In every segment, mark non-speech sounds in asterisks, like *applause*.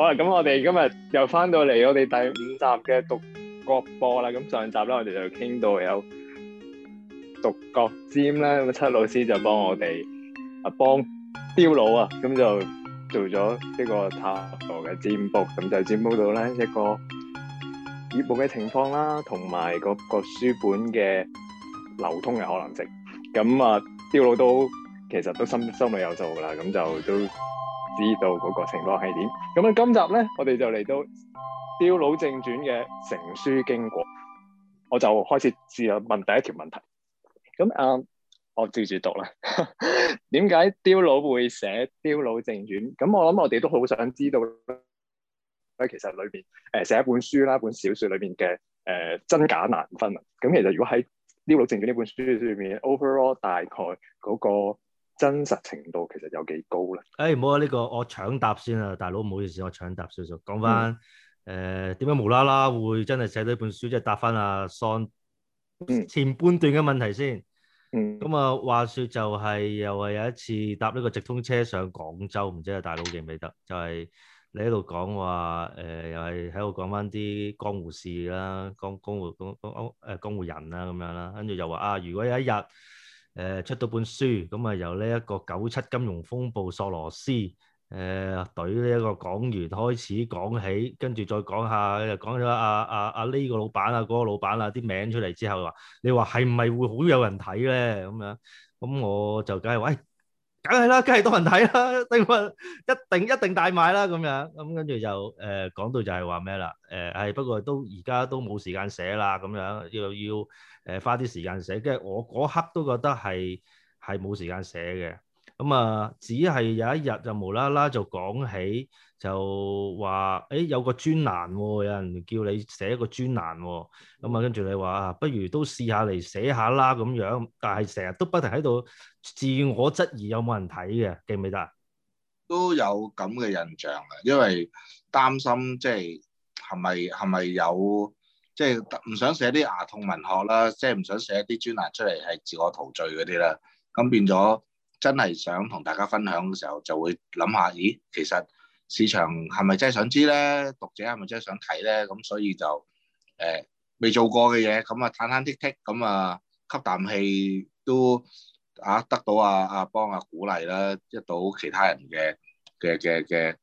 好啦，咁我哋今日又翻到嚟我哋第五集嘅獨角播啦。咁上集咧，我哋就傾到有獨角尖咧，咁七老師就幫我哋啊幫刁佬啊，咁、啊、就做咗呢個塔羅嘅占卜，咁就占卜到咧一個業務嘅情況啦，同埋嗰個書本嘅流通嘅可能性。咁啊，刁佬都其實都心心裏有數噶啦，咁就都，知道嗰個情況係點？咁啊，今集咧，我哋就嚟到《刁佬正傳》嘅成書經過，我就開始試下問第一條問題。咁啊、嗯，我照住讀啦。點解刁佬會寫《刁佬正傳》？咁我諗我哋都好想知道，咧其實裏邊誒寫一本書啦，一本小説裏邊嘅誒真假難分啊。咁其實如果喺《刁佬正傳》呢本書裏面，overall 大概嗰、嗰個，真實程度其實有幾高咧？誒唔好啊！呢個我搶答先啊，大佬唔好意思，我搶答少少。講翻誒點解無啦啦會真係寫到本書，即係答翻阿 Son 前半段嘅問題先。咁啊，話說就係又係有一次搭呢個直通車上廣州，唔知阿大佬認唔認得？就係你喺度講話誒，又係喺度講翻啲江湖事啦，江江湖江江誒江湖人啦咁樣啦，跟住又話啊，如果有一日，誒，出到本書，咁啊由呢一個九七金融風暴索羅斯，誒、呃，對呢一個港元開始講起，跟住再講下，又講咗阿阿阿呢個老闆啊，嗰、那個老闆啊，啲名出嚟之後，話你話係唔係會好有人睇咧？咁樣，咁我就梗係話。哎梗係啦，梗係多人睇啦，一定一定一定大買啦咁樣，咁跟住就誒講到就係話咩啦？誒係不過都而家都冇時間寫啦，咁樣又要誒花啲時間寫，跟住我嗰刻都覺得係係冇時間寫嘅。咁啊，只係有一日就無啦啦就講起，就話誒有個專欄喎，有人叫你寫個專欄喎，咁啊跟住你話啊，不如都試下嚟寫下啦咁樣，但係成日都不停喺度。自我質疑，有冇人睇嘅，記唔記得啊？都有咁嘅印象嘅，因為擔心，即係係咪係咪有即係唔想寫啲牙痛文學啦，即係唔想寫啲專欄出嚟係自我陶醉嗰啲啦。咁變咗真係想同大家分享嘅時候，就會諗下，咦，其實市場係咪真係想知咧？讀者係咪真係想睇咧？咁所以就誒未做過嘅嘢，咁啊坦坦剔剔，咁啊吸啖氣都。啊！得到，啊、阿阿幫阿鼓勵啦，得到其他人嘅嘅嘅嘅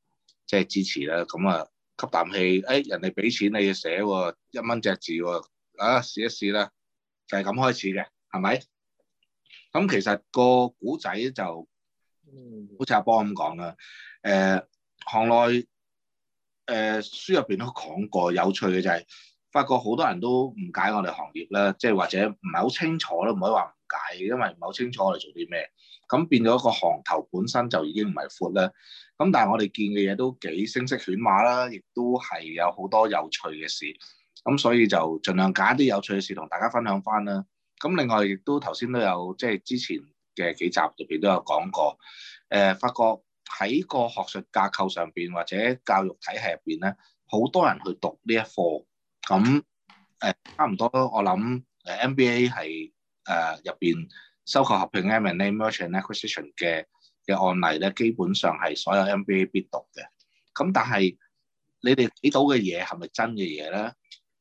即係支持啦。咁，哎哦哦、啊，吸啖氣，誒人哋俾錢你要寫喎，一蚊隻字喎，啊試一試啦，就係、是、咁開始嘅，係咪？咁其實個古仔就，好似阿幫咁講啦。誒行內誒書入邊都講過，有趣嘅就係、是。發覺好多人都誤解我哋行業啦，即係或者唔係好清楚咯，唔可以話唔解，因為唔係好清楚我哋做啲咩，咁變咗個行頭本身就已經唔係闊啦。咁但係我哋見嘅嘢都幾聲色犬馬啦，亦都係有好多有趣嘅事，咁所以就盡量揀啲有趣嘅事同大家分享翻啦。咁另外亦都頭先都有即係之前嘅幾集入邊都有講過，誒、呃、發覺喺個學術架構上邊或者教育體系入邊咧，好多人去讀呢一科。咁誒差唔多，我諗誒 MBA 係誒入邊收購合併嘅 M&A, merger and acquisition 嘅嘅案例咧，基本上係所有 MBA 必讀嘅。咁但係你哋睇到嘅嘢係咪真嘅嘢咧？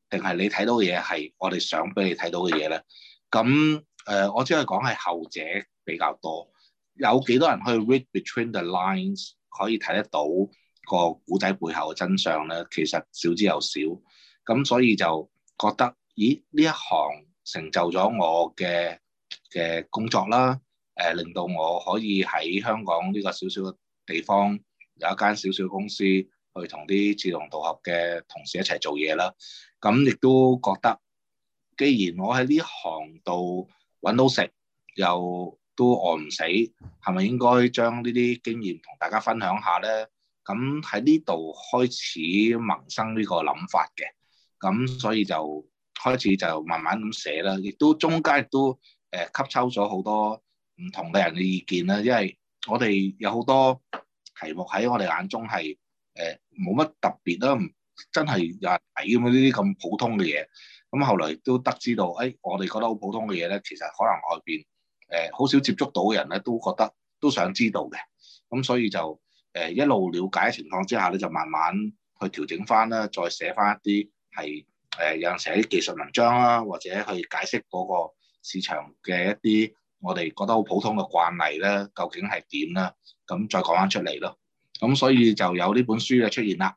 定係你睇到嘅嘢係我哋想俾你睇到嘅嘢咧？咁誒、呃，我只係講係後者比較多。有幾多人去 read between the lines 可以睇得到個故仔背後嘅真相咧？其實少之又少。咁所以就覺得，咦呢一行成就咗我嘅嘅工作啦，誒令到我可以喺香港呢個小小嘅地方有一間小小公司，去同啲志同道合嘅同事一齊做嘢啦。咁亦都覺得，既然我喺呢行度揾到食，又都餓唔死，係咪應該將呢啲經驗同大家分享下咧？咁喺呢度開始萌生呢個諗法嘅。咁所以就開始就慢慢咁寫啦，亦都中間亦都誒吸收咗好多唔同嘅人嘅意見啦。因為我哋有好多題目喺我哋眼中係誒冇乜特別啦，真係有人睇咁樣呢啲咁普通嘅嘢。咁後來都得知到，誒、欸、我哋覺得好普通嘅嘢咧，其實可能外邊誒好少接觸到嘅人咧，都覺得都想知道嘅。咁所以就誒、欸、一路了解情況之下咧，就慢慢去調整翻啦，再寫翻一啲。係誒，有陣時啲技術文章啦，或者去解釋嗰個市場嘅一啲我哋覺得好普通嘅慣例咧，究竟係點咧？咁再講翻出嚟咯。咁所以就有呢本書嘅出現啦。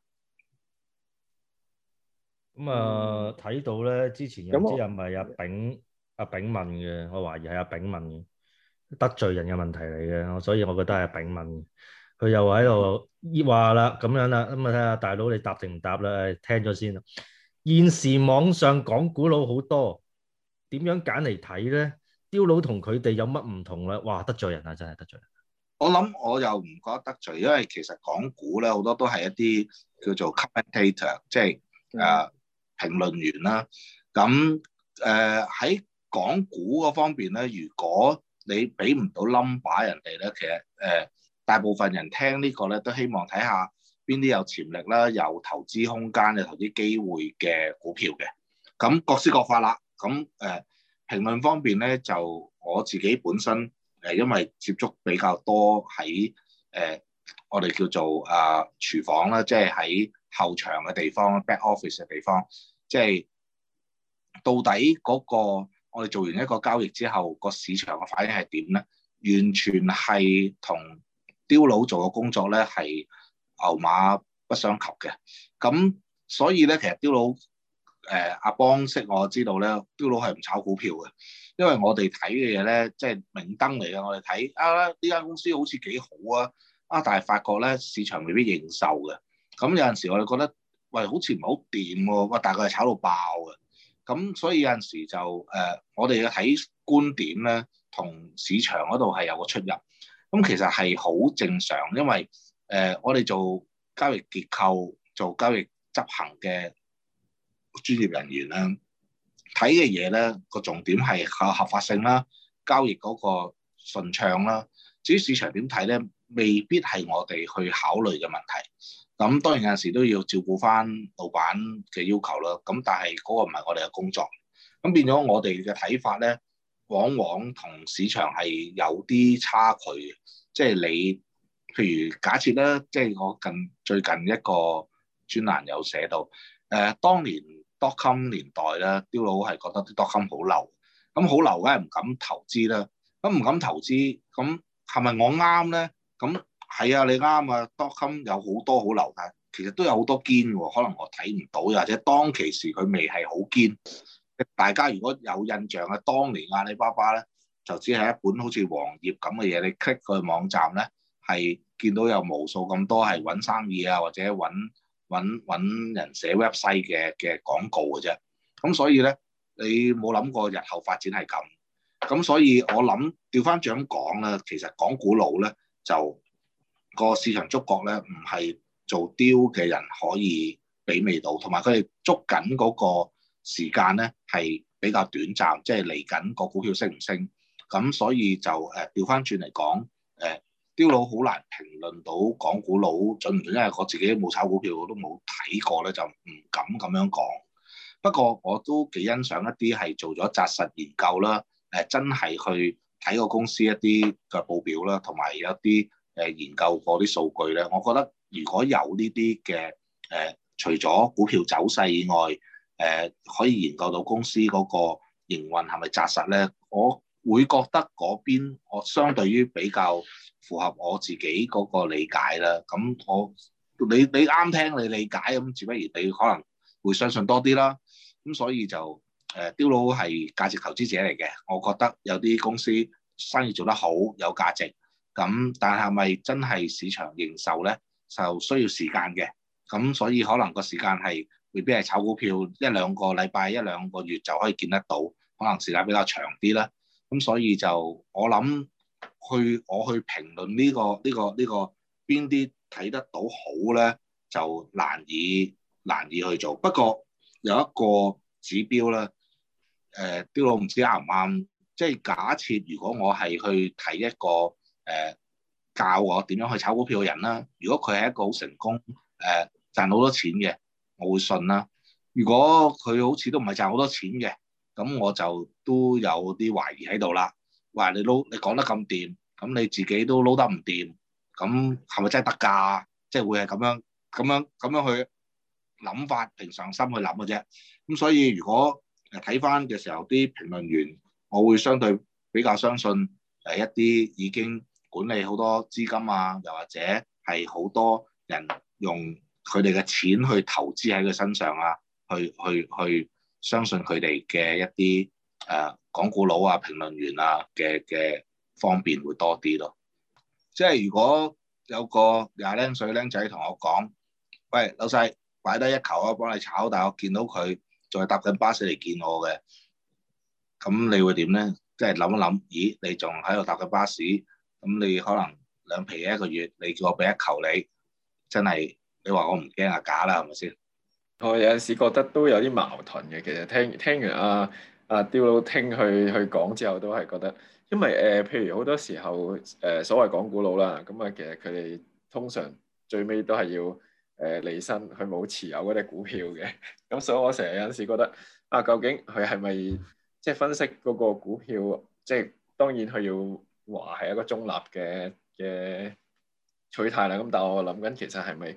咁啊，睇到咧之前唔知係咪阿炳阿炳問嘅，我懷疑係阿炳問嘅得罪人嘅問題嚟嘅，所以我覺得係阿炳問嘅。佢又喺度話啦，咁樣啦，咁啊睇下大佬你答定唔答啦？誒，聽咗先啦。現時網上講股佬好多，點樣揀嚟睇咧？刁佬同佢哋有乜唔同咧？哇，得罪人啊！真係得罪人。我諗我又唔覺得得罪，因為其實講股咧好多都係一啲叫做 commentator，即係誒評論員啦。咁誒喺講股嗰方面咧，如果你俾唔到 number 人哋咧，其實誒、呃、大部分人聽個呢個咧都希望睇下。邊啲有潛力啦，有投資空間，有投資機會嘅股票嘅，咁各施各法啦。咁誒評論方邊面咧，就我自己本身誒，因為接觸比較多喺誒、呃、我哋叫做啊廚房啦，即係喺後場嘅地方，back office 嘅地方，即係、就是、到底嗰、那個我哋做完一個交易之後，個市場嘅反應係點咧？完全係同刁佬做嘅工作咧，係，牛馬不相及嘅，咁所以咧，其實刁佬誒阿、呃、邦識我知道咧，刁佬係唔炒股票嘅，因為我哋睇嘅嘢咧，即係明燈嚟嘅。我哋睇啊呢間公司好似幾好啊，啊！但係發覺咧市場未必認受嘅，咁有陣時我哋覺得喂好似唔係好掂喎，喂，大概佢係炒到爆嘅，咁所以有陣時就誒、呃，我哋嘅睇觀點咧，同市場嗰度係有個出入，咁其實係好正常，因為。誒、呃，我哋做交易結構、做交易執行嘅專業人員咧，睇嘅嘢咧，個重點係合合法性啦，交易嗰個順暢啦。至於市場點睇咧，未必係我哋去考慮嘅問題。咁當然有陣時都要照顧翻老闆嘅要求啦。咁但係嗰個唔係我哋嘅工作。咁變咗我哋嘅睇法咧，往往同市場係有啲差距，即係、就是、你。譬如假設咧，即係我近最近一個專欄有寫到，誒、呃、當年 dotcom 年代咧，刁佬係覺得啲 dotcom 好流，咁好流梗係唔敢投資啦，咁唔敢投資，咁係咪我啱咧？咁係啊，你啱啊，dotcom 有好多好流嘅，其實都有好多堅喎，可能我睇唔到，或者當其時佢未係好堅。大家如果有印象嘅當年阿里巴巴咧，就只係一本好似黃頁咁嘅嘢，你 click 個網站咧。係見到有無數咁多係揾生意啊，或者揾揾揾人寫 website 嘅嘅廣告嘅啫。咁所以咧，你冇諗過日後發展係咁。咁所以我，我諗調翻轉講啦，其實講古佬咧就、嗰個市場觸覺咧，唔係做 deal 嘅人可以俾味道，同埋佢哋捉緊嗰個時間咧係比較短暫，即係嚟緊個股票升唔升。咁所以就誒調翻轉嚟講誒。呃刁佬好難評論到講股佬準唔準，因為我自己冇炒股票，我都冇睇過咧，就唔敢咁樣講。不過我都幾欣賞一啲係做咗紮實研究啦，誒真係去睇過公司一啲嘅報表啦，同埋有一啲誒研究過啲數據咧。我覺得如果有呢啲嘅誒，除咗股票走勢以外，誒可以研究到公司嗰個營運係咪紮實咧，我會覺得嗰邊我相對於比較符合我自己嗰個理解啦，咁我你你啱聽你理解咁，自不然你可能會相信多啲啦。咁所以就誒，刁佬係價值投資者嚟嘅，我覺得有啲公司生意做得好有價值，咁但係咪真係市場認受咧？就需要時間嘅，咁所以可能個時間係未必係炒股票一兩個禮拜一兩個月就可以見得到，可能時間比較長啲啦。咁所以就我諗去我去評論呢個呢、這個呢、這個邊啲睇得到好咧，就難以難以去做。不過有一個指標咧，誒、呃，刁佬唔知啱唔啱，即係假設如果我係去睇一個誒、呃、教我點樣去炒股票嘅人啦，如果佢係一個好成功誒賺好多錢嘅，我會信啦，啊。如果佢好似都唔係賺好多錢嘅。咁我就都有啲懷疑喺度啦。哇！你撈你講得咁掂，咁你自己都撈得唔掂，咁係咪真係得㗎？即係會係咁樣咁樣咁樣去諗法，平常心去諗嘅啫。咁所以如果誒睇翻嘅時候啲評論員，我會相對比較相信誒一啲已經管理好多資金啊，又或者係好多人用佢哋嘅錢去投資喺佢身上啊，去去去，去相信佢哋嘅一啲誒講古佬啊、評論員啊嘅嘅方便會多啲咯。即係如果有個廿零歲僆仔同我講，喂，老細，擺低一球啊，幫你炒。但我見到佢仲係搭緊巴士嚟見我嘅，咁你會點咧？即係諗一諗，咦，你仲喺度搭緊巴士，咁你可能兩皮嘢一個月，你叫我俾一球你，真係你話我唔驚啊假啦，係咪先？我有陣時覺得都有啲矛盾嘅，其實聽聽完阿阿刁佬聽佢佢講之後，都係覺得，因為誒、呃，譬如好多時候誒、呃，所謂講股佬啦，咁、嗯、啊，其實佢哋通常最尾都係要誒、呃、離身，佢冇持有嗰隻股票嘅。咁、嗯、所以，我成日有陣時覺得，啊，究竟佢係咪即係分析嗰個股票？即、就、係、是、當然佢要話係一個中立嘅嘅取態啦。咁但係我諗緊，其實係咪誒、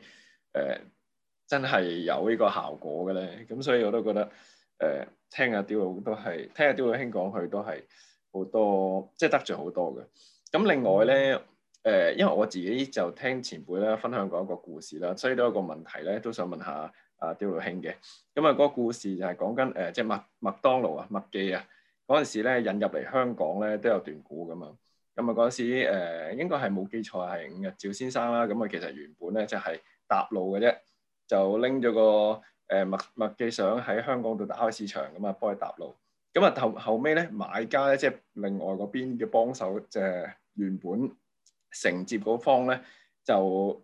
呃真係有呢個效果嘅咧，咁所以我都覺得誒、呃，聽阿刁老都係，聽阿刁老兄講佢都係好多，即係得著好多嘅。咁另外咧，誒、呃，因為我自己就聽前輩咧分享過一個故事啦，所以都有個問題咧，都想問下阿刁老兄嘅。咁啊，嗰個故事就係講緊誒、呃，即係麥麥當勞啊、麥記啊嗰陣時咧引入嚟香港咧都有段古嘅嘛。咁啊嗰陣時誒、呃，應該係冇記錯係五日趙先生啦。咁啊其實原本咧就係搭路嘅啫。就拎咗個誒麥麥記想喺香港度打開市場㗎啊，幫佢搭路。咁啊後後尾咧，買家咧，即係另外嗰邊嘅幫手，即係原本承接嗰方咧就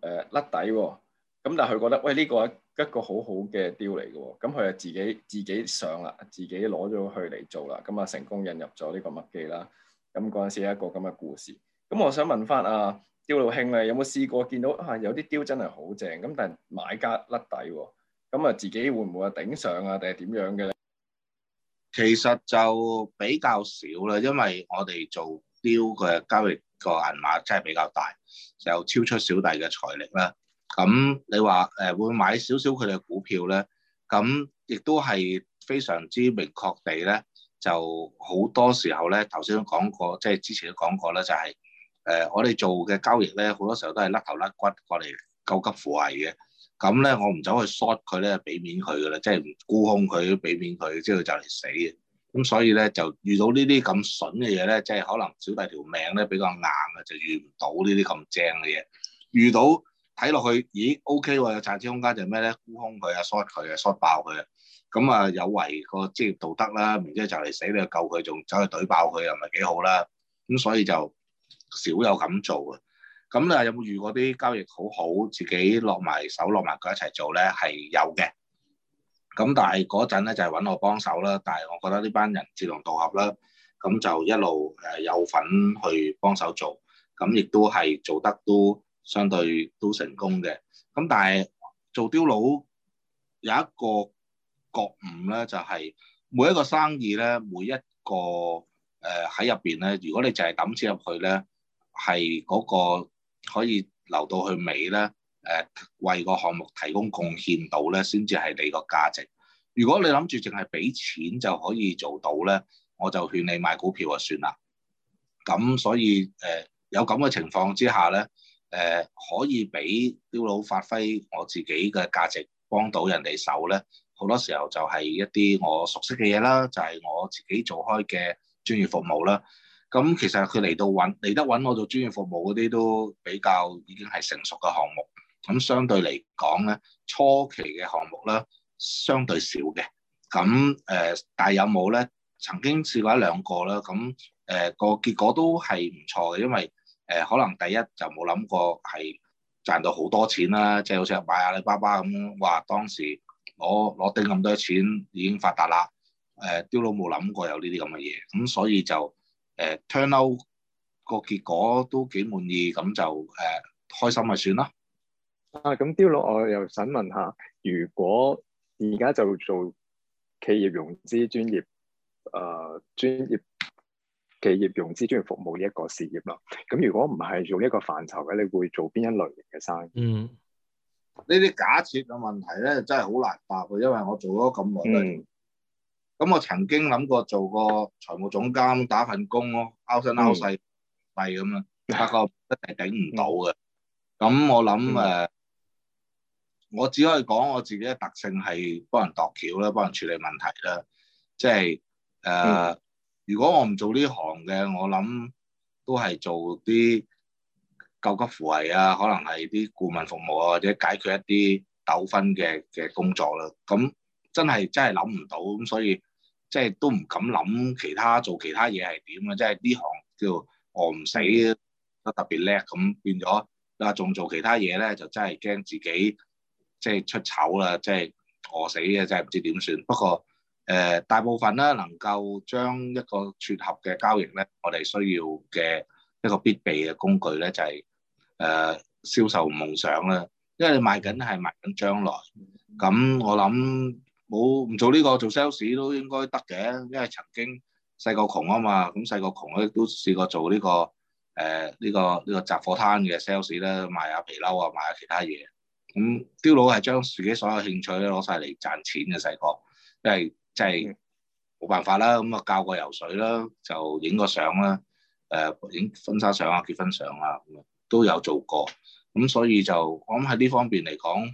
誒甩、呃、底喎。咁但係佢覺得喂，呢個一個好好嘅 deal 嚟㗎喎。咁佢就自己自己上啦，自己攞咗去嚟做啦。咁啊成功引入咗呢個麥記啦。咁嗰陣時一個咁嘅故事。咁我想問翻啊～刁老兄咧，有冇試過見到啊？有啲刁真係好正，咁但係買家甩底喎，咁啊自己會唔會話頂上啊，定係點樣嘅咧？其實就比較少啦，因為我哋做刁嘅交易個銀碼真係比較大，就超出小弟嘅財力啦。咁你話誒會買少少佢哋嘅股票咧？咁亦都係非常之明確地咧，就好多時候咧，頭先都講過，即係之前都講過咧，就係、是。誒、呃，我哋做嘅交易咧，好多時候都係甩頭甩骨過嚟救急扶危嘅。咁咧，我唔走去 short 佢咧，俾面佢噶啦，即係唔沽空佢，俾面佢，即係佢就嚟死嘅。咁所以咧，就遇到呢啲咁筍嘅嘢咧，即係可能小弟條命咧比較硬啊，就遇唔到呢啲咁正嘅嘢。遇到睇落去，咦，OK 喎、哦，有賺錢空間，就咩咧？沽空佢啊，short 佢啊，short 爆佢啊。咁啊，有違個職業道德啦，唔即係就嚟死你又救佢仲走去懟爆佢，又唔係幾好啦。咁所以就。少有咁做嘅，咁你話有冇遇過啲交易好好，自己落埋手落埋腳一齊做咧？係有嘅，咁但係嗰陣咧就係搵我幫手啦，但係我覺得呢班人志同道合啦，咁就一路誒有份去幫手做，咁亦都係做得都相對都成功嘅。咁但係做刁佬有一個覺悟咧，就係每一個生意咧，每一個。誒喺入邊咧，如果你淨係抌錢入去咧，係嗰個可以留到去尾咧，誒、呃、為個項目提供貢獻到咧，先至係你個價值。如果你諗住淨係俾錢就可以做到咧，我就勸你買股票就算啦。咁所以誒、呃、有咁嘅情況之下咧，誒、呃、可以俾刁佬發揮我自己嘅價值，幫到人哋手咧，好多時候就係一啲我熟悉嘅嘢啦，就係、是、我自己做開嘅。專業服務啦，咁其實佢嚟到揾嚟得揾我做專業服務嗰啲都比較已經係成熟嘅項目，咁相對嚟講咧，初期嘅項目咧相對少嘅，咁誒、呃、但係有冇咧？曾經試過一兩個啦，咁誒個結果都係唔錯嘅，因為誒、呃、可能第一就冇諗過係賺到好多錢啦，即係、好似買阿里巴巴咁，話、嗯、當時攞攞定咁多錢已經發達啦。誒，刁佬冇諗過有呢啲咁嘅嘢，咁、嗯、所以就誒、呃、turn out 個結果都幾滿意，咁就誒、呃、開心咪算啦。啊，咁刁佬，我又想問下，如果而家就做企業融資專業，誒、呃、專業企業融資專業服務呢一個事業咯，咁如果唔係做一個範疇嘅，你會做邊一類型嘅生意？嗯，呢啲假設嘅問題咧，真係好難答佢，因為我做咗咁耐。咁、嗯、我曾經諗過做個財務總監打份工咯，拗生拗細勢咁啊，樣不過一係頂唔到嘅。咁、嗯、我諗誒、嗯呃，我只可以講我自己嘅特性係幫人度橋啦，幫人處理問題啦。即係誒，呃嗯、如果我唔做呢行嘅，我諗都係做啲救急扶危啊，可能係啲顧問服務或者解決一啲糾紛嘅嘅工作啦。咁真係真係諗唔到，咁所以。即係都唔敢諗其他做其他嘢係點啊！即係呢行叫餓唔死都特別叻咁，變咗啊！仲做其他嘢咧，就真係驚自己即係出醜啦！即係餓死嘅，真係唔知點算。不過誒、呃，大部分咧能夠將一個撮合嘅交易咧，我哋需要嘅一個必備嘅工具咧，就係、是、誒、呃，銷售夢想啦。因為你賣緊係賣緊將來，咁我諗。冇唔做呢個做 sales 都應該得嘅，因為曾經細個窮啊嘛，咁細個窮咧都試過做呢個誒呢個呢個雜貨攤嘅 sales 咧，賣下皮褸啊，賣下其他嘢。咁刁佬係將自己所有興趣咧攞晒嚟賺錢嘅細個，即係即係冇辦法啦。咁啊教個游水啦，就影個相啦，誒影婚紗相啊、結婚相啊，都有做過。咁所以就我諗喺呢方面嚟講，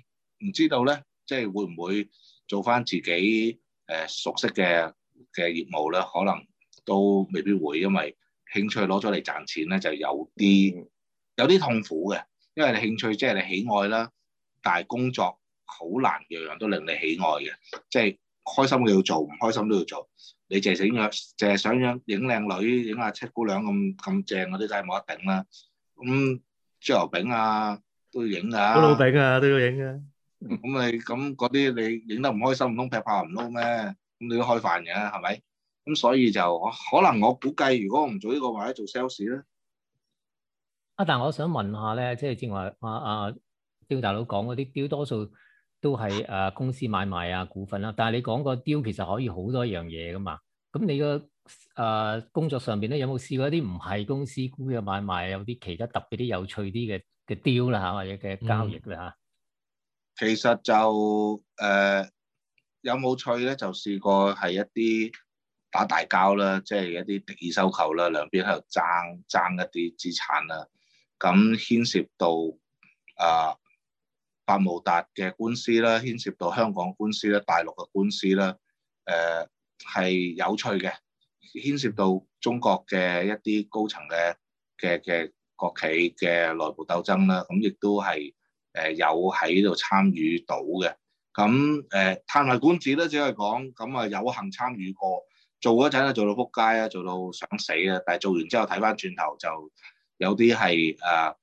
唔知道咧，即係會唔會？做翻自己誒熟悉嘅嘅業務咧，可能都未必會，因為興趣攞咗嚟賺錢咧，就有啲有啲痛苦嘅，因為你興趣即係你喜愛啦，但係工作好難樣樣都令你喜愛嘅，即係開心嘅要做，唔開心都要做。你淨係想影樣，淨係想影影靚女，影下七姑娘咁咁正嗰啲真係冇得頂啦。咁豬油餅啊都要影啊，菠蘿餅啊都要影啊。咁你咁嗰啲你影得唔開心，唔通劈炮唔撈咩？咁你都開飯嘅係咪？咁所以就可能我估計，如果唔做呢個或者做 sales 咧，啊，但我想問下咧，即係正話啊啊，刁大佬講嗰啲刁，多數都係誒公司買賣啊股份啦。但係你講個刁其實可以好多樣嘢噶嘛。咁你個誒工作上邊咧有冇試過一啲唔係公司股嘅買賣，有啲其他特別啲有趣啲嘅嘅刁啦吓，或者嘅交易啦吓？其實就誒、呃、有冇趣咧？就試過係一啲打大交啦，即係一啲敵意收購啦，兩邊喺度爭爭一啲資產啦。咁、嗯、牽涉到啊百慕達嘅官司啦，牽涉到香港官司啦，大陸嘅官司啦。誒、呃、係有趣嘅，牽涉到中國嘅一啲高層嘅嘅嘅國企嘅內部鬥爭啦。咁、嗯、亦都係。誒、呃、有喺度參與到嘅，咁誒、呃、嘆為觀止咧，只係講咁啊，有幸參與過，做嗰陣做到撲街啦，做到想死啦，但係做完之後睇翻轉頭就有啲係誒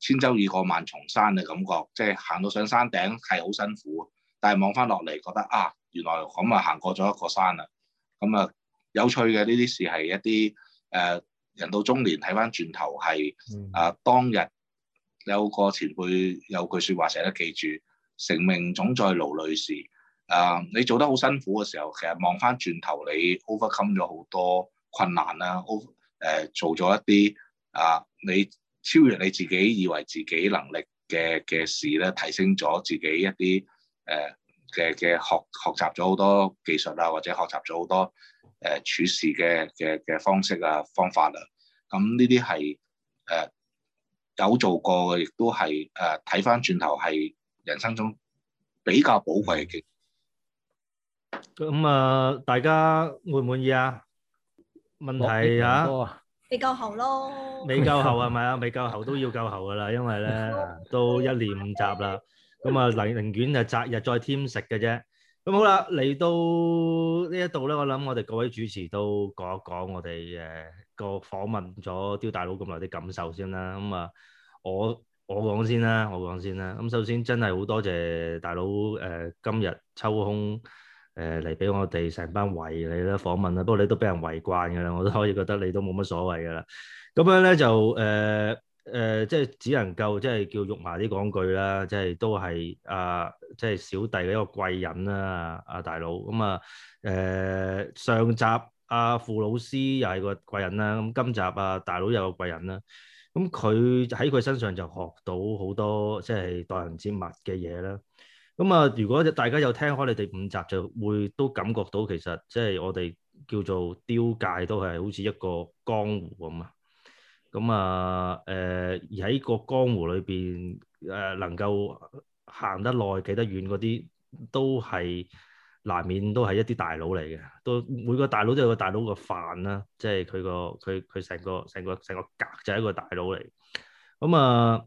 千舟已過萬重山嘅感覺，即係行到上山頂係好辛苦，但係望翻落嚟覺得啊，原來咁啊行過咗一個山啦，咁啊有趣嘅呢啲事係一啲誒、啊、人到中年睇翻轉頭係啊當日。有個前輩有句説話，成日都記住，成名總在勞累時。啊，你做得好辛苦嘅時候，其實望翻轉頭，你 overcome 咗好多困難啊，誒做咗一啲啊，你超越你自己以為自己能力嘅嘅事咧，提升咗自己一啲誒嘅嘅學學習咗好多技術啊，或者學習咗好多誒、啊、處事嘅嘅嘅方式啊方法啊。咁呢啲係誒。啊有做過嘅，亦都係誒睇翻轉頭係人生中比較寶貴嘅。咁啊，大家滿唔滿意啊？問題啊，未夠喉咯，未夠喉係咪啊？未夠喉都要夠喉噶啦，因為咧都一年五集啦。咁啊，寧願就擇日再添食嘅啫。咁好啦，嚟到呢一度咧，我諗我哋各位主持都講一講我哋誒，我訪問咗刁大佬咁耐啲感受先啦，咁、嗯、啊，我我講先啦，我講先啦。咁、嗯、首先真係好多謝大佬誒、呃，今日抽空誒嚟俾我哋成班圍你啦訪問啦。不過你都俾人圍慣㗎喇，我都可以覺得你都冇乜所謂㗎喇。咁樣咧就誒誒、呃呃，即係只能夠即係叫肉麻啲講句啦，即係都係啊，即係小弟嘅一個貴人啦，啊，啊大佬。咁、嗯、啊誒、呃、上集。阿傅、啊、老師又係個貴人啦，咁今集啊大佬又係個貴人啦，咁佢喺佢身上就學到好多，即係待人接物嘅嘢啦。咁啊，如果大家有聽開你哋五集，就會都感覺到其實即係我哋叫做刁界都係好似一個江湖咁啊。咁、呃、啊，誒喺個江湖裏邊誒能夠行得耐企得遠嗰啲都係，難免都係一啲大佬嚟嘅，都每個大佬都有個大佬個範啦，即係佢個佢佢成個成個成個格就係一個大佬嚟。咁啊，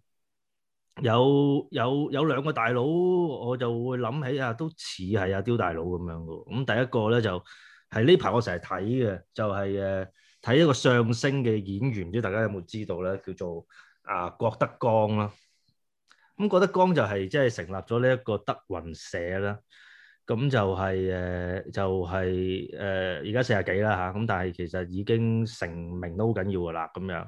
有有有兩個大佬，我就會諗起啊，都似係阿刁大佬咁樣嘅。咁第一個咧就係呢排我成日睇嘅，就係誒睇一個相聲嘅演員，唔知大家有冇知道咧？叫做啊郭德綱啦。咁郭德綱就係即係成立咗呢一個德雲社啦。咁就係誒，就係、是、誒，而、呃、家四廿幾啦嚇，咁、啊、但係其實已經成名都好緊要㗎啦，咁樣，咁、嗯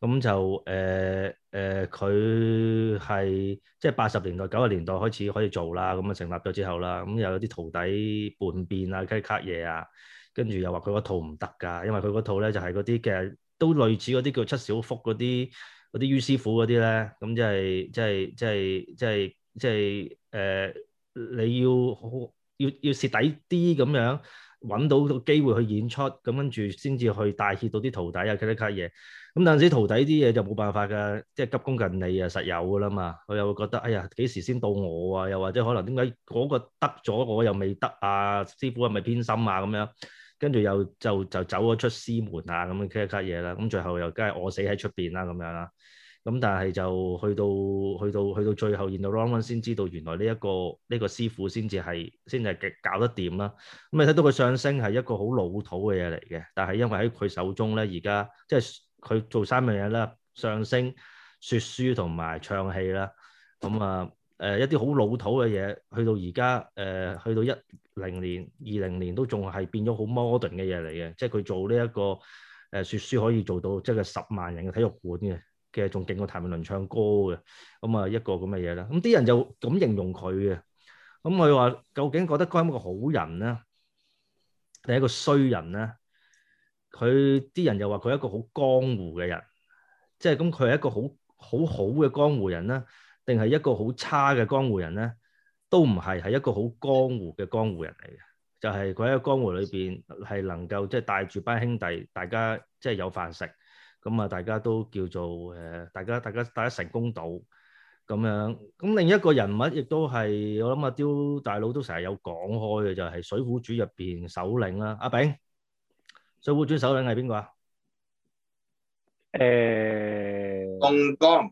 嗯嗯、就誒誒，佢係即係八十年代九十年代開始可以做啦，咁、嗯、啊成立咗之後啦，咁、嗯、又有啲徒弟叛變啊，雞卡嘢啊，跟住又話佢嗰套唔得㗎，因為佢嗰套咧就係嗰啲嘅，都類似嗰啲叫七小福嗰啲嗰啲于師傅嗰啲咧，咁即係即係即係即係即係誒，你要好。要要蝕底啲咁樣揾到個機會去演出，咁跟住先至去帶挈到啲徒弟啊，卡卡嘢。咁但係徒弟啲嘢就冇辦法㗎，即係急功近利啊，實有㗎啦嘛。佢又會覺得，哎呀幾時先到我啊？又或者可能點解嗰個得咗我又未得啊？師傅係咪偏心啊？咁樣跟住又就就，就走咗出師門啊，咁樣卡卡嘢啦。咁最後又梗係餓死喺出邊啦，咁樣啦。咁、嗯、但係就去到去到去到最後，現到 Ronald 先知道原來呢、這、一個呢、這個師傅先至係先至係嘅搞得掂啦。咁、嗯、你睇到佢上升係一個好老土嘅嘢嚟嘅，但係因為喺佢手中咧，而家即係佢做三樣嘢啦：上升、說書同埋唱戲啦。咁啊誒一啲好老土嘅嘢，去到而家誒去到一零年、二零年都仲係變咗好 modern 嘅嘢嚟嘅，即係佢做呢、這、一個誒、呃、說書可以做到即係十萬人嘅體育館嘅。其實仲勁過譚詠麟唱歌嘅，咁啊一個咁嘅嘢啦。咁啲人就咁形容佢嘅，咁佢話究竟覺得佢係一個好人咧，定係一個衰人咧？佢啲人又話佢係一個好江湖嘅人，即係咁佢係一個好好好嘅江湖人咧，定係一個好差嘅江湖人咧？都唔係，係一個好江湖嘅江湖人嚟嘅，就係佢喺個江湖裏邊係能夠即係帶住班兄弟，大家即係有飯食。咁啊，大家都叫做誒，大家大家大家成功到咁樣。咁另一個人物，亦都係我諗阿刁大佬都成日有講開嘅，就係《水滸傳》入邊首領啦。阿炳，《水滸傳》首領係邊個啊？誒，宋江。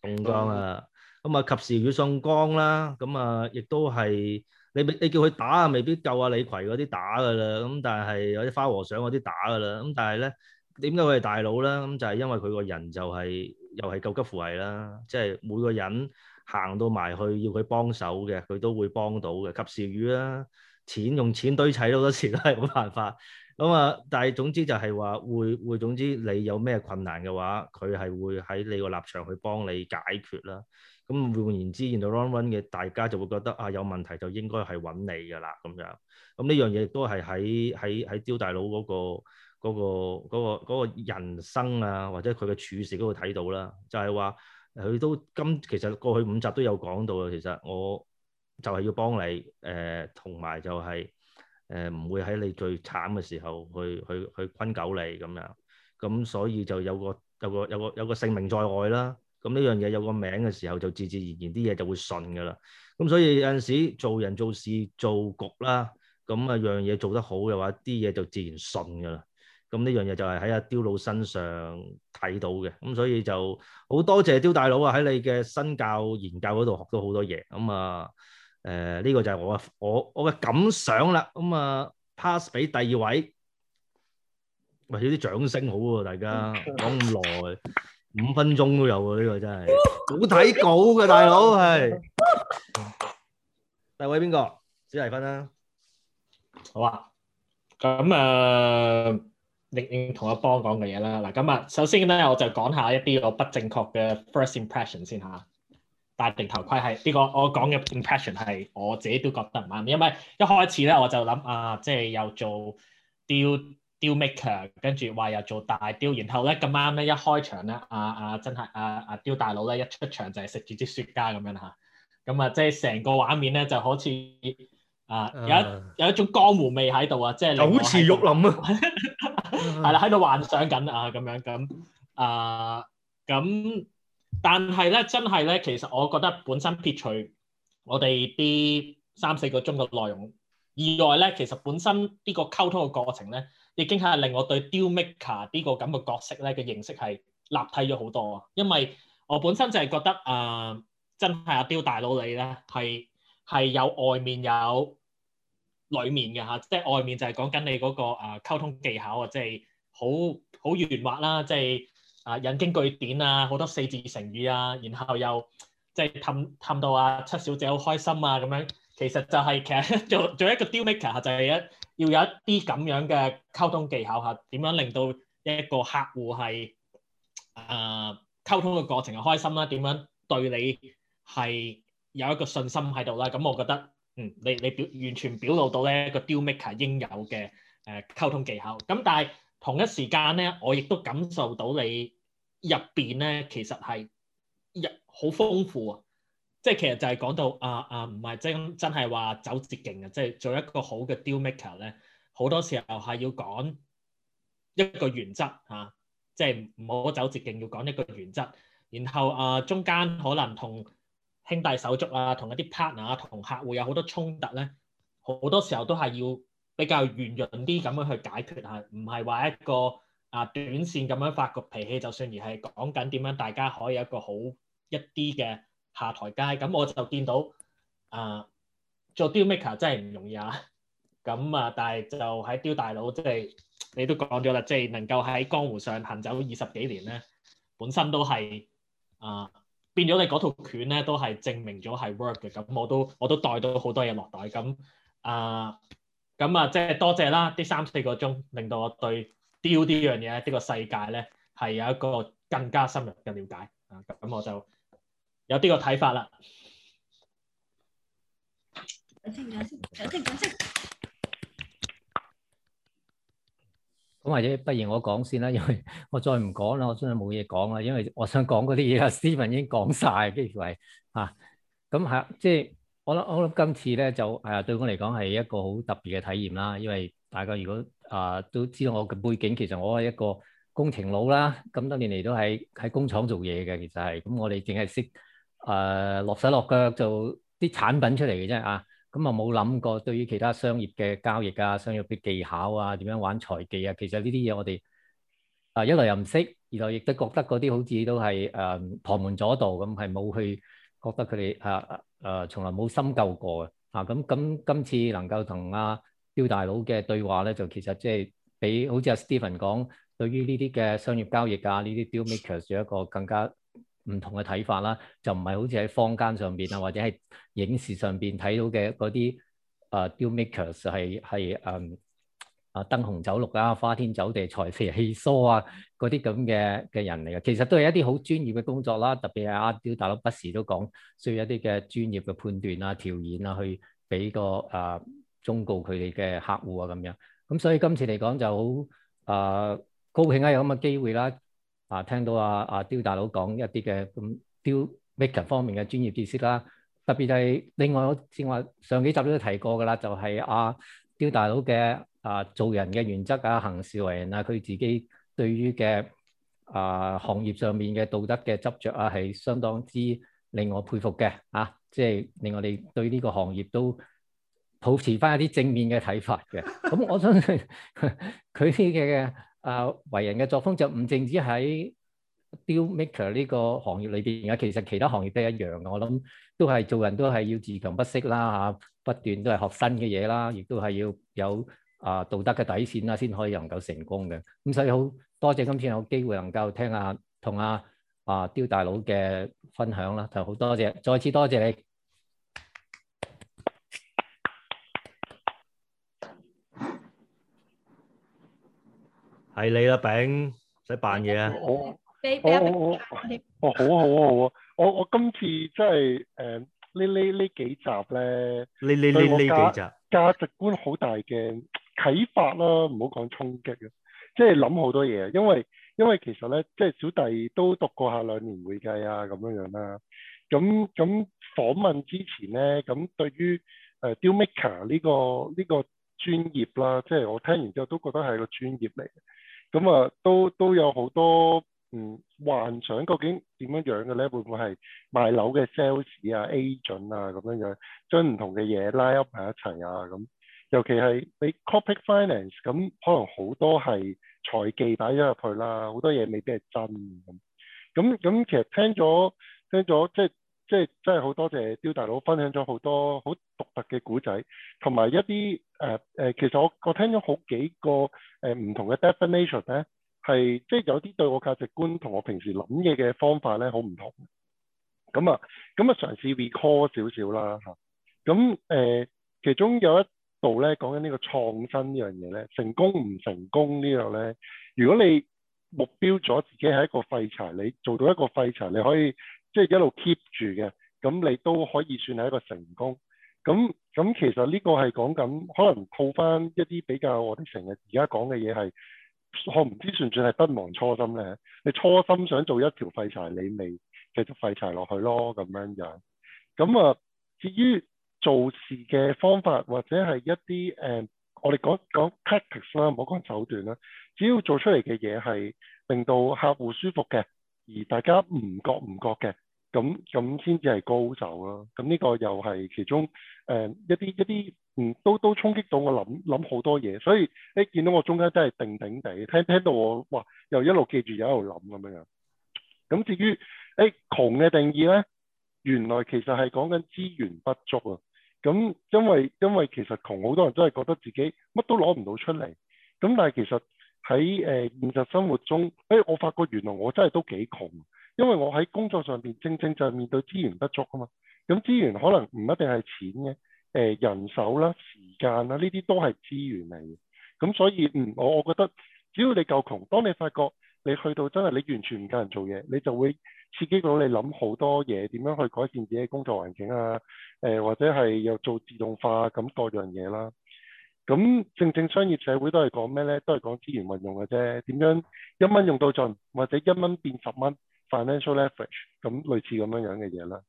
宋江啊，咁啊，及時雨宋江啦。咁啊，亦都係你你叫佢打啊，未必夠啊李逵嗰啲打㗎喇。咁但係有啲花和尚嗰啲打㗎喇。咁但係呢。點解佢係大佬咧？咁就係、是、因為佢個人就係、是、又係救急扶危啦，即係每個人行到埋去要佢幫手嘅，佢都會幫到嘅，及時雨啦，錢用錢堆砌好多時都係冇辦法。咁啊，但係總之就係話會會，總之你有咩困難嘅話，佢係會喺你個立場去幫你解決啦。咁換言之，見到 round run 嘅大家就會覺得啊，有問題就應該係揾你㗎啦咁樣。咁呢樣嘢亦都係喺喺喺刁大佬嗰、那個。嗰個嗰個嗰個人生啊，或者佢嘅處事嗰度睇到啦，就係話佢都今其實過去五集都有講到啊。其實我就係要幫你誒，呃、同埋就係誒唔會喺你最慘嘅時候去去去，去困九你咁樣。咁、嗯、所以就有個有個有個有個姓名在外啦。咁、嗯、呢樣嘢有個名嘅時候，就自自然然啲嘢就會順噶啦。咁、嗯、所以有陣時做人做事做局啦，咁啊樣嘢做得好嘅話，啲嘢就自然順噶啦。咁呢樣嘢就係喺阿刁佬身上睇到嘅，咁所以就好多謝刁大佬啊！喺你嘅新教研究嗰度學到好多嘢，咁啊誒呢個就係我我我嘅感想啦，咁啊 pass 俾第二位，有啲啲掌聲好喎，大家講咁耐，五分鐘都有喎，呢個真係好睇稿嘅大佬係。第二位邊個？史黎芬啦，好啊，咁誒。令令同阿邦講嘅嘢啦，嗱咁啊，首先咧我就講下一啲我不正確嘅 first impression 先吓，戴定頭盔係呢、呢個，我講嘅 impression 係我自己都覺得唔啱，因為一開始咧我就諗啊，即係又做 deal, deal maker，跟住話又做大 deal，然後咧咁啱咧一開場咧，啊，阿、啊、真係阿阿刁大佬咧一出場就係食住啲雪茄咁樣吓，咁啊即係成個畫面咧就好似～啊，有、uh, 有一種江湖味喺度、就是、啊，即係好似玉林啊，係啦，喺度幻想緊啊，咁樣咁啊，咁但係咧，真係咧，其實我覺得本身撇除我哋啲三四個鐘嘅內容，以外咧，其實本身呢個溝通嘅過程咧，已經係令我對刁 Maker 呢個咁嘅角色咧嘅認識係立體咗好多啊，因為我本身就係覺得啊、呃，真係阿刁大佬你咧係。係有外面有裡面嘅嚇，即係外面就係講緊你嗰個啊溝通技巧啊，即係好好圓滑啦，即係啊引經據典啊，好多四字成語啊，然後又即係氹氹到啊七小姐好開心啊咁樣。其實就係、是、其實做做一個 deal maker 就係一要有一啲咁樣嘅溝通技巧嚇，點樣令到一個客戶係啊溝通嘅過程係開心啦？點樣對你係？有一個信心喺度啦，咁我覺得，嗯，你你表完全表露到咧一個 deal maker 應有嘅誒、呃、溝通技巧。咁但係同一時間咧，我亦都感受到你入邊咧其實係一好豐富啊。即係其實就係講到啊啊，唔係即係真係話走捷徑啊，即係做一個好嘅 deal maker 咧，好多時候係要講一個原則嚇、啊，即係唔好走捷徑，要講一個原則。然後啊、呃，中間可能同兄弟手足啊，同一啲 partner 啊，同客戶有好多衝突咧，好多時候都係要比較圓潤啲咁樣去解決下，唔係話一個啊短線咁樣發個脾氣就算，而係講緊點樣大家可以有一個好一啲嘅下台階。咁我就見到啊，做 deal maker 真係唔容易啊。咁啊，但係就喺刁大佬即係你都講咗啦，即係能夠喺江湖上行走二十幾年咧，本身都係啊。變咗你嗰套拳咧，都係證明咗係 work 嘅。咁我都我都袋到好多嘢落袋。咁啊咁啊，即係多謝啦！呢三四個鐘令到我對刁呢樣嘢、呢個世界咧係有一個更加深入嘅了解啊！咁我就有啲個睇法啦。咁或者不如我講先啦，因為我再唔講啦，我真係冇嘢講啦，因為我想講嗰啲嘢啊 *laughs* Stephen 已經講晒。跟住係嚇，咁、啊、係、啊、即係我諗，我諗今次咧就係啊，對我嚟講係一個好特別嘅體驗啦，因為大家如果啊都知道我嘅背景，其實我係一個工程佬啦，咁多年嚟都喺喺工廠做嘢嘅，其實係咁，我哋淨係識誒落手落腳做啲產品出嚟嘅啫啊！咁啊冇諗過對於其他商業嘅交易啊、商業嘅技巧啊、點樣玩財技啊，其實呢啲嘢我哋啊一來又唔識，二來亦都覺得嗰啲好似都係誒、嗯、旁門左道咁，係冇去覺得佢哋啊誒、啊啊、從來冇深究過嘅。啊咁咁今次能夠同阿刁大佬嘅對話咧，就其實即係俾好似阿、啊、Steven 講，對於呢啲嘅商業交易啊，呢啲 deal makers 有一個更加唔同嘅睇法啦，就唔係好似喺坊間上邊啊，或者係影視上邊睇到嘅嗰啲啊 deal makers 係係啊燈紅酒綠啊，花天酒地，財肥氣疏啊嗰啲咁嘅嘅人嚟嘅，其實都係一啲好專業嘅工作啦、啊。特別係阿刁大佬不時都講需要一啲嘅專業嘅判斷啊、條件啊，去俾個誒忠、uh, 告佢哋嘅客戶啊咁樣。咁所以今次嚟講就好誒、uh, 高興啦、啊，有咁嘅機會啦、啊。啊！聽到阿阿刁大佬講一啲嘅咁刁 Maker 方面嘅專業知識啦、啊，特別係另外我正話上幾集都提過㗎啦，就係阿刁大佬嘅啊做人嘅原則啊，行事為人啊，佢自己對於嘅啊行業上面嘅道德嘅執着啊，係相當之令我佩服嘅啊，啊！即係令我哋對呢個行業都抱持翻一啲正面嘅睇法嘅。咁我相信佢啲嘅。啊，為人嘅作風就唔淨止喺 deal maker 呢個行業裏邊㗎，其實其他行業都一樣嘅。我諗都係做人都係要自強不息啦，嚇、啊、不斷都係學新嘅嘢啦，亦都係要有啊道德嘅底線啦、啊，先可以能夠成功嘅。咁所以好多謝今次有機會能夠聽下同阿啊刁、啊、大佬嘅分享啦，就好多謝，再次多謝你。係你啦，炳，唔使扮嘢啊！我我我我我我我我我我今次即係誒呢呢呢幾集咧呢呢呢呢幾集價值觀好大嘅啟發啦、啊，唔好講衝擊啊！即係諗好多嘢，因為因為其實咧即係小弟都讀過下兩年會計啊咁樣樣、啊、啦。咁咁訪問之前咧，咁對於誒 Dealmaker 呢個呢、呢個專業啦，即係我聽完之後都覺得係個專業嚟。咁啊，都都有好多嗯幻想，究竟點樣樣嘅咧？會唔會係賣樓嘅 sales 啊、agent 啊咁樣樣，將唔同嘅嘢拉入埋一齊啊咁？尤其係你 copy finance，咁可能好多係財技擺咗入去啦，好多嘢未必係真咁。咁咁其實聽咗聽咗即係。即係真係好多謝刁大佬分享咗好多好獨特嘅故仔，同埋一啲誒誒，其實我我聽咗好幾個誒唔、呃、同嘅 definition 咧，係即係有啲對我價值觀同我平時諗嘢嘅方法咧好唔同。咁啊咁啊，啊，嘗試 recall 少少啦嚇。咁、啊、誒，其中有一度咧講緊呢個創新呢樣嘢咧，成功唔成功呢樣咧？如果你目標咗自己係一個廢柴，你做到一個廢柴，你可以。即係一路 keep 住嘅，咁你都可以算係一個成功。咁咁其實呢個係講緊，可能套翻一啲比較我哋成日而家講嘅嘢係，我唔知算唔算係不忘初心咧。你初心想做一條廢柴，你未繼續廢柴落去咯，咁樣樣。咁啊，至於做事嘅方法或者係一啲誒，uh, 我哋講講 practice 啦，唔好講手段啦。只要做出嚟嘅嘢係令到客戶舒服嘅。而大家唔覺唔覺嘅，咁咁先至係高手咯、啊。咁呢個又係其中誒、呃、一啲一啲嗯，都都衝擊到我諗諗好多嘢。所以誒、欸、見到我中間真係定定地，聽聽到我哇又一路記住又一路諗咁樣樣。咁至於誒、欸、窮嘅定義咧，原來其實係講緊資源不足啊。咁因為因為其實窮好多人都係覺得自己乜都攞唔到出嚟。咁但係其實喺誒、呃、現實生活中，誒、欸、我發覺原來我真係都幾窮，因為我喺工作上邊正正就係面對資源不足啊嘛。咁、嗯、資源可能唔一定係錢嘅，誒、呃、人手啦、時間啦，呢啲都係資源嚟嘅。咁、嗯、所以嗯，我我覺得，只要你夠窮，當你發覺你去到真係你完全唔夠人做嘢，你就會刺激到你諗好多嘢，點樣去改善自己嘅工作環境啊，誒、呃、或者係又做自動化咁、啊、各樣嘢啦。咁正正商業社會都係講咩咧？都係講資源運用嘅啫。點樣一蚊用到盡，或者一蚊變十蚊，financial leverage，咁類似咁樣樣嘅嘢啦。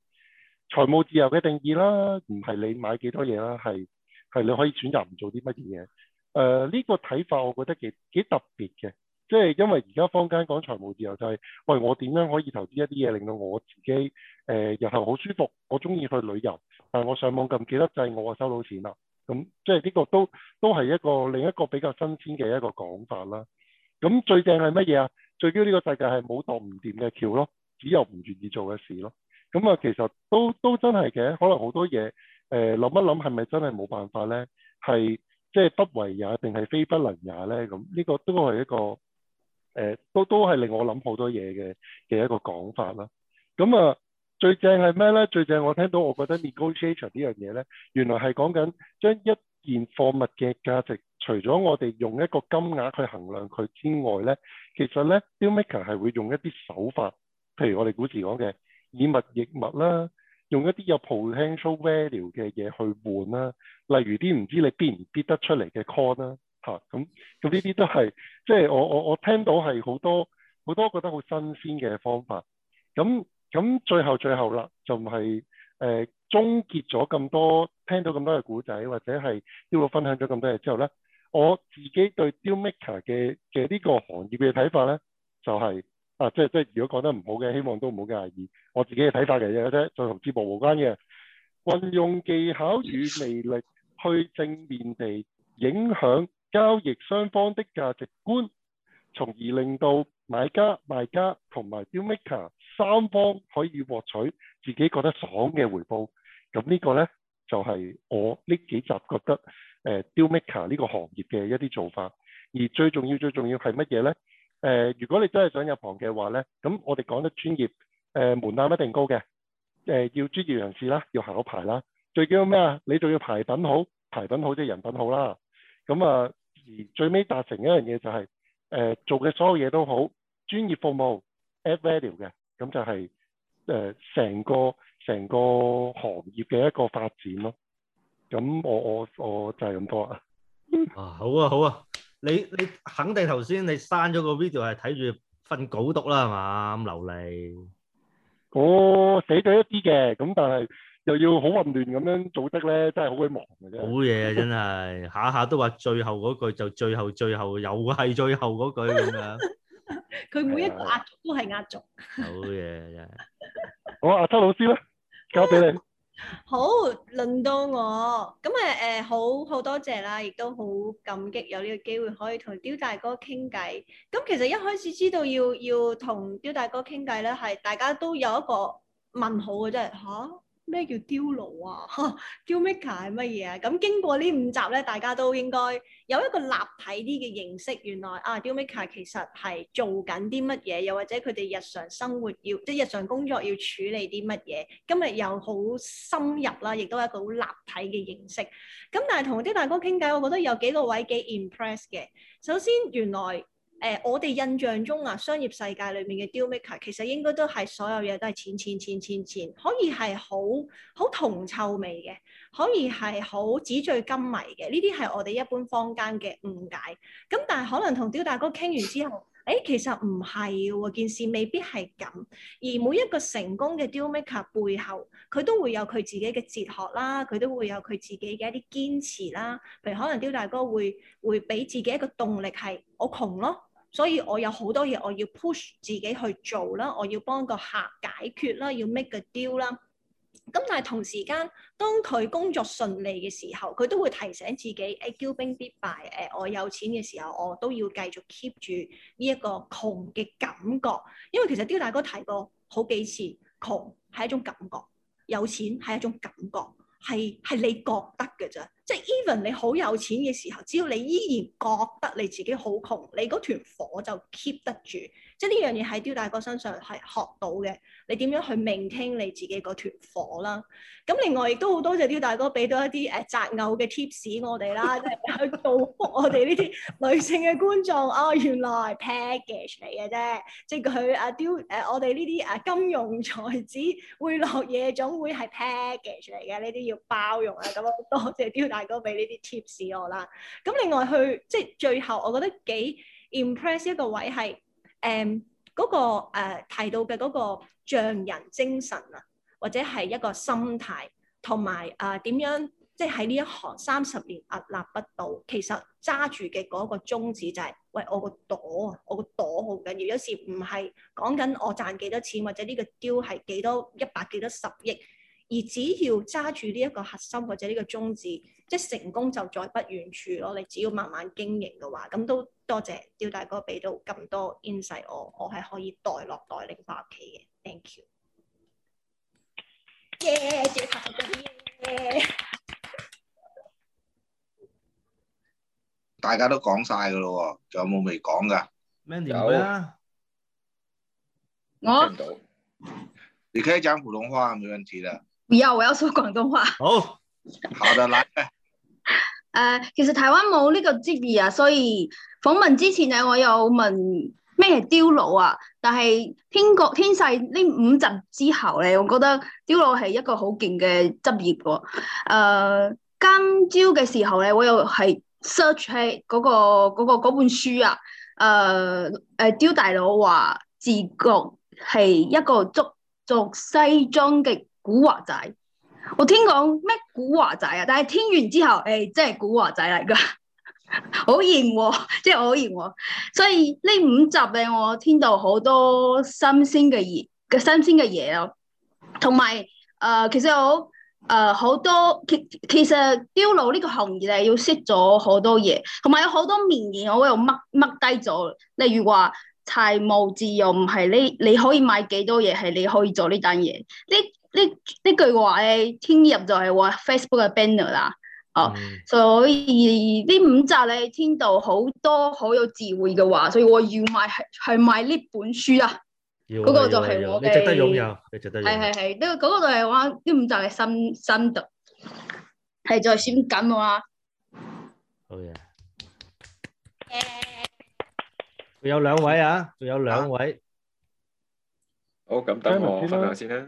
財務自由嘅定義啦，唔係你買幾多嘢啦，係係你可以選擇唔做啲乜嘢。誒，呢個睇法我覺得幾幾特別嘅，即係因為而家坊間講財務自由就係，喂，我點樣可以投資一啲嘢令到我自己誒日後好舒服，我中意去旅遊，但係我上網咁記得制，我啊收到錢啦。咁即係呢個都都係一個另一個比較新鮮嘅一個講法啦。咁最正係乜嘢啊？最緊要呢個世界係冇度唔掂嘅橋咯，只有唔願意做嘅事咯。咁啊，其實都都真係嘅，可能好多嘢誒諗一諗係咪真係冇辦法咧？係即係不為也，定係非不能也咧？咁呢個都係一個誒、呃，都都係令我諗好多嘢嘅嘅一個講法啦。咁啊～最正係咩咧？最正我聽到，我覺得 negotiation 呢樣嘢咧，原來係講緊將一件貨物嘅價值，除咗我哋用一個金額去衡量佢之外咧，其實咧 deal maker 係會用一啲手法，譬如我哋古時講嘅以物易物啦，用一啲有 potential value 嘅嘢去換啦，例如啲唔知你必唔必得出嚟嘅 coin 啦、啊，嚇咁咁呢啲都係即係我我我聽到係好多好多覺得好新鮮嘅方法咁。咁最後最後啦，就係誒、呃、終結咗咁多，聽到咁多嘅故仔，或者係 Dio 分享咗咁多嘢之後咧，我自己對 Deal Maker 嘅嘅呢個行業嘅睇法咧，就係、是、啊，即係即係如果講得唔好嘅，希望都唔好介意。我自己嘅睇法嚟嘅啫，就同節目無關嘅。運用技巧與魅力去正面地影響交易雙方的價值觀，從而令到買家、賣家同埋 Deal Maker。三方可以獲取自己覺得爽嘅回報，咁呢個呢，就係、是、我呢幾集覺得誒、呃、deal maker 呢個行業嘅一啲做法。而最重要最重要係乜嘢呢？誒、呃，如果你真係想入行嘅話呢，咁我哋講得專業，誒、呃、門檻一定高嘅，誒、呃、要專業人士啦，要考牌啦，最緊要咩啊？你仲要排品好，排品好即係人品好啦。咁啊，而最尾達成一樣嘢就係、是、誒、呃、做嘅所有嘢都好，專業服務 add value 嘅。咁就係誒，成個成個行業嘅一個發展咯。咁我我我就係咁多喇。哇，好啊好啊！你你肯定頭先你刪咗個 video 係睇住份稿讀啦，係嘛？咁流利。我寫咗一啲嘅，咁但係又要好混亂咁樣組織咧，真係好鬼忙嘅。好嘢真係，下下都話最後嗰句就最後最後又係最後嗰句咁樣。佢每一個壓都係壓軸，好嘢，我阿周老師咧交俾你，好輪到我，咁誒誒，好好多謝啦，亦都好感激有呢個機會可以同刁大哥傾偈。咁其實一開始知道要要同刁大哥傾偈咧，係大家都有一個問號嘅啫，吓。咩叫刁佬啊？哈，dealmaker 係乜嘢啊？咁經過呢五集咧，大家都應該有一個立體啲嘅認識。原來啊，dealmaker 其實係做緊啲乜嘢，又或者佢哋日常生活要即係日常工作要處理啲乜嘢。今日又好深入啦，亦都係一個好立體嘅認識。咁但係同啲大哥傾偈，我覺得有幾個位幾 impress 嘅。首先，原來。誒、呃，我哋印象中啊，商業世界裏面嘅 deal maker 其實應該都係所有嘢都係錢錢錢錢錢，可以係好好銅臭味嘅，可以係好紙醉金迷嘅。呢啲係我哋一般坊間嘅誤解。咁但係可能同刁大哥傾完之後，誒，其實唔係喎，件事未必係咁。而每一個成功嘅 deal maker 背後，佢都會有佢自己嘅哲學啦，佢都會有佢自己嘅一啲堅持啦。譬如可能刁大哥會會俾自己一個動力係我窮咯。所以我有好多嘢我要 push 自己去做啦，我要幫個客解決啦，要 make 個 deal 啦。咁但係同時間，當佢工作順利嘅時候，佢都會提醒自己誒，驕兵必敗誒。我有錢嘅時候，我都要繼續 keep 住呢一個窮嘅感覺，因為其實刁大哥提過好幾次，窮係一種感覺，有錢係一種感覺，係係你覺得嘅咋。即係 even 你好有錢嘅時候，只要你依然覺得你自己好窮，你嗰團火就 keep 得住。即係呢樣嘢喺刁大哥身上係學到嘅，你點樣去 maintain 你自己嗰團火，呃、啦？咁另外亦都好多謝刁大哥俾到一啲誒擇偶嘅 tips 我哋啦，即係去造福我哋呢啲女性嘅觀眾哦，原來 package 嚟嘅啫，即係佢啊，刁，誒我哋呢啲誒金融才子會落夜總會係 package 嚟嘅，呢啲要包容啊！咁樣多謝刁大哥俾呢啲 tips 我啦，咁另外去即係最後，我覺得幾 impress 一個位係誒嗰個、呃、提到嘅嗰個匠人精神啊，或者係一個心態，同埋誒點樣即係喺呢一行三十年屹立不倒，其實揸住嘅嗰個宗旨就係、是、喂我個朵啊，我個朵好緊要，有時唔係講緊我賺幾多錢，或者呢個雕係幾多一百幾多十億。而只要揸住呢一個核心或者呢個宗旨，即係成功就在不遠處咯。你只要慢慢經營嘅話，咁都多謝刁大哥俾到咁多 inspire 我，我係可以代落代領翻屋企嘅。Thank you yeah,。Yeah. 大家都。都講晒噶咯喎，仲有冇未講㗎？有啊。走我。到。你可以講普通話，冇問題嘅。要我要說廣東話好好的來誒、 *laughs* 呃，其實台灣冇呢個職業啊，所以訪問之前咧，我有問咩係刁佬啊。但係聽過聽晒呢五集之後咧，我覺得刁佬係一個好勁嘅職業嘅、啊。誒、呃，今朝嘅時候咧，我又係 search 喺嗰個嗰、那個本書啊。誒、呃、誒，刁大佬話，自覺係一個着着西裝嘅。古惑仔，我聽講咩古惑仔啊？但係聽完之後，誒、欸，真係古惑仔嚟噶， *laughs* 好型喎、喔，真係好型喎、喔。所以呢五集俾，我聽到好多新鮮嘅嘢，嘅新鮮嘅嘢咯。同埋誒，其實我誒好多其其實刁佬呢個行業咧，要識咗好多嘢，同埋有好多面嘢，我又掹掹低咗。例如話財務自由唔係你你可以買幾多嘢，係你可以做呢單嘢呢。呢呢句話咧，聽入就係話 Facebook 嘅 banner 啦，嗯、哦，所以呢五集咧聽到好多好有智慧嘅話，所以我要買係係買呢本書啊，嗰個就係我嘅值得擁有，係係係，呢、嗰個嗰就係話呢五集嘅心心得，係在先講啊，好嘢！仲有兩位啊，仲有兩位，啊、好咁等我分享先啦。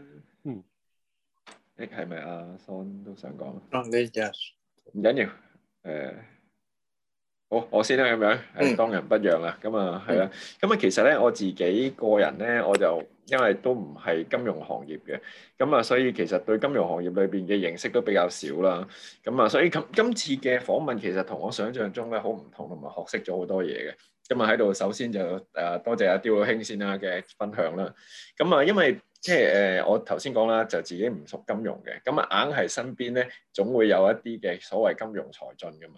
誒係咪阿 Son 都想講啊？哦，你就唔緊要。誒，好，我先啦，咁樣係當仁不讓啊。咁啊，係啦。咁啊，其實咧，我自己個人咧，我就因為都唔係金融行業嘅，咁啊，所以其實對金融行業裏邊嘅認識都比較少啦。咁啊，所以今今次嘅訪問其實同我想象中咧好唔同，同埋學識咗好多嘢嘅。咁啊，喺度首先就誒多謝阿刁老兄先啦嘅分享啦。咁啊，因為即係誒，我頭先講啦，就自己唔熟金融嘅，咁啊，硬係身邊咧總會有一啲嘅所謂金融財經噶嘛。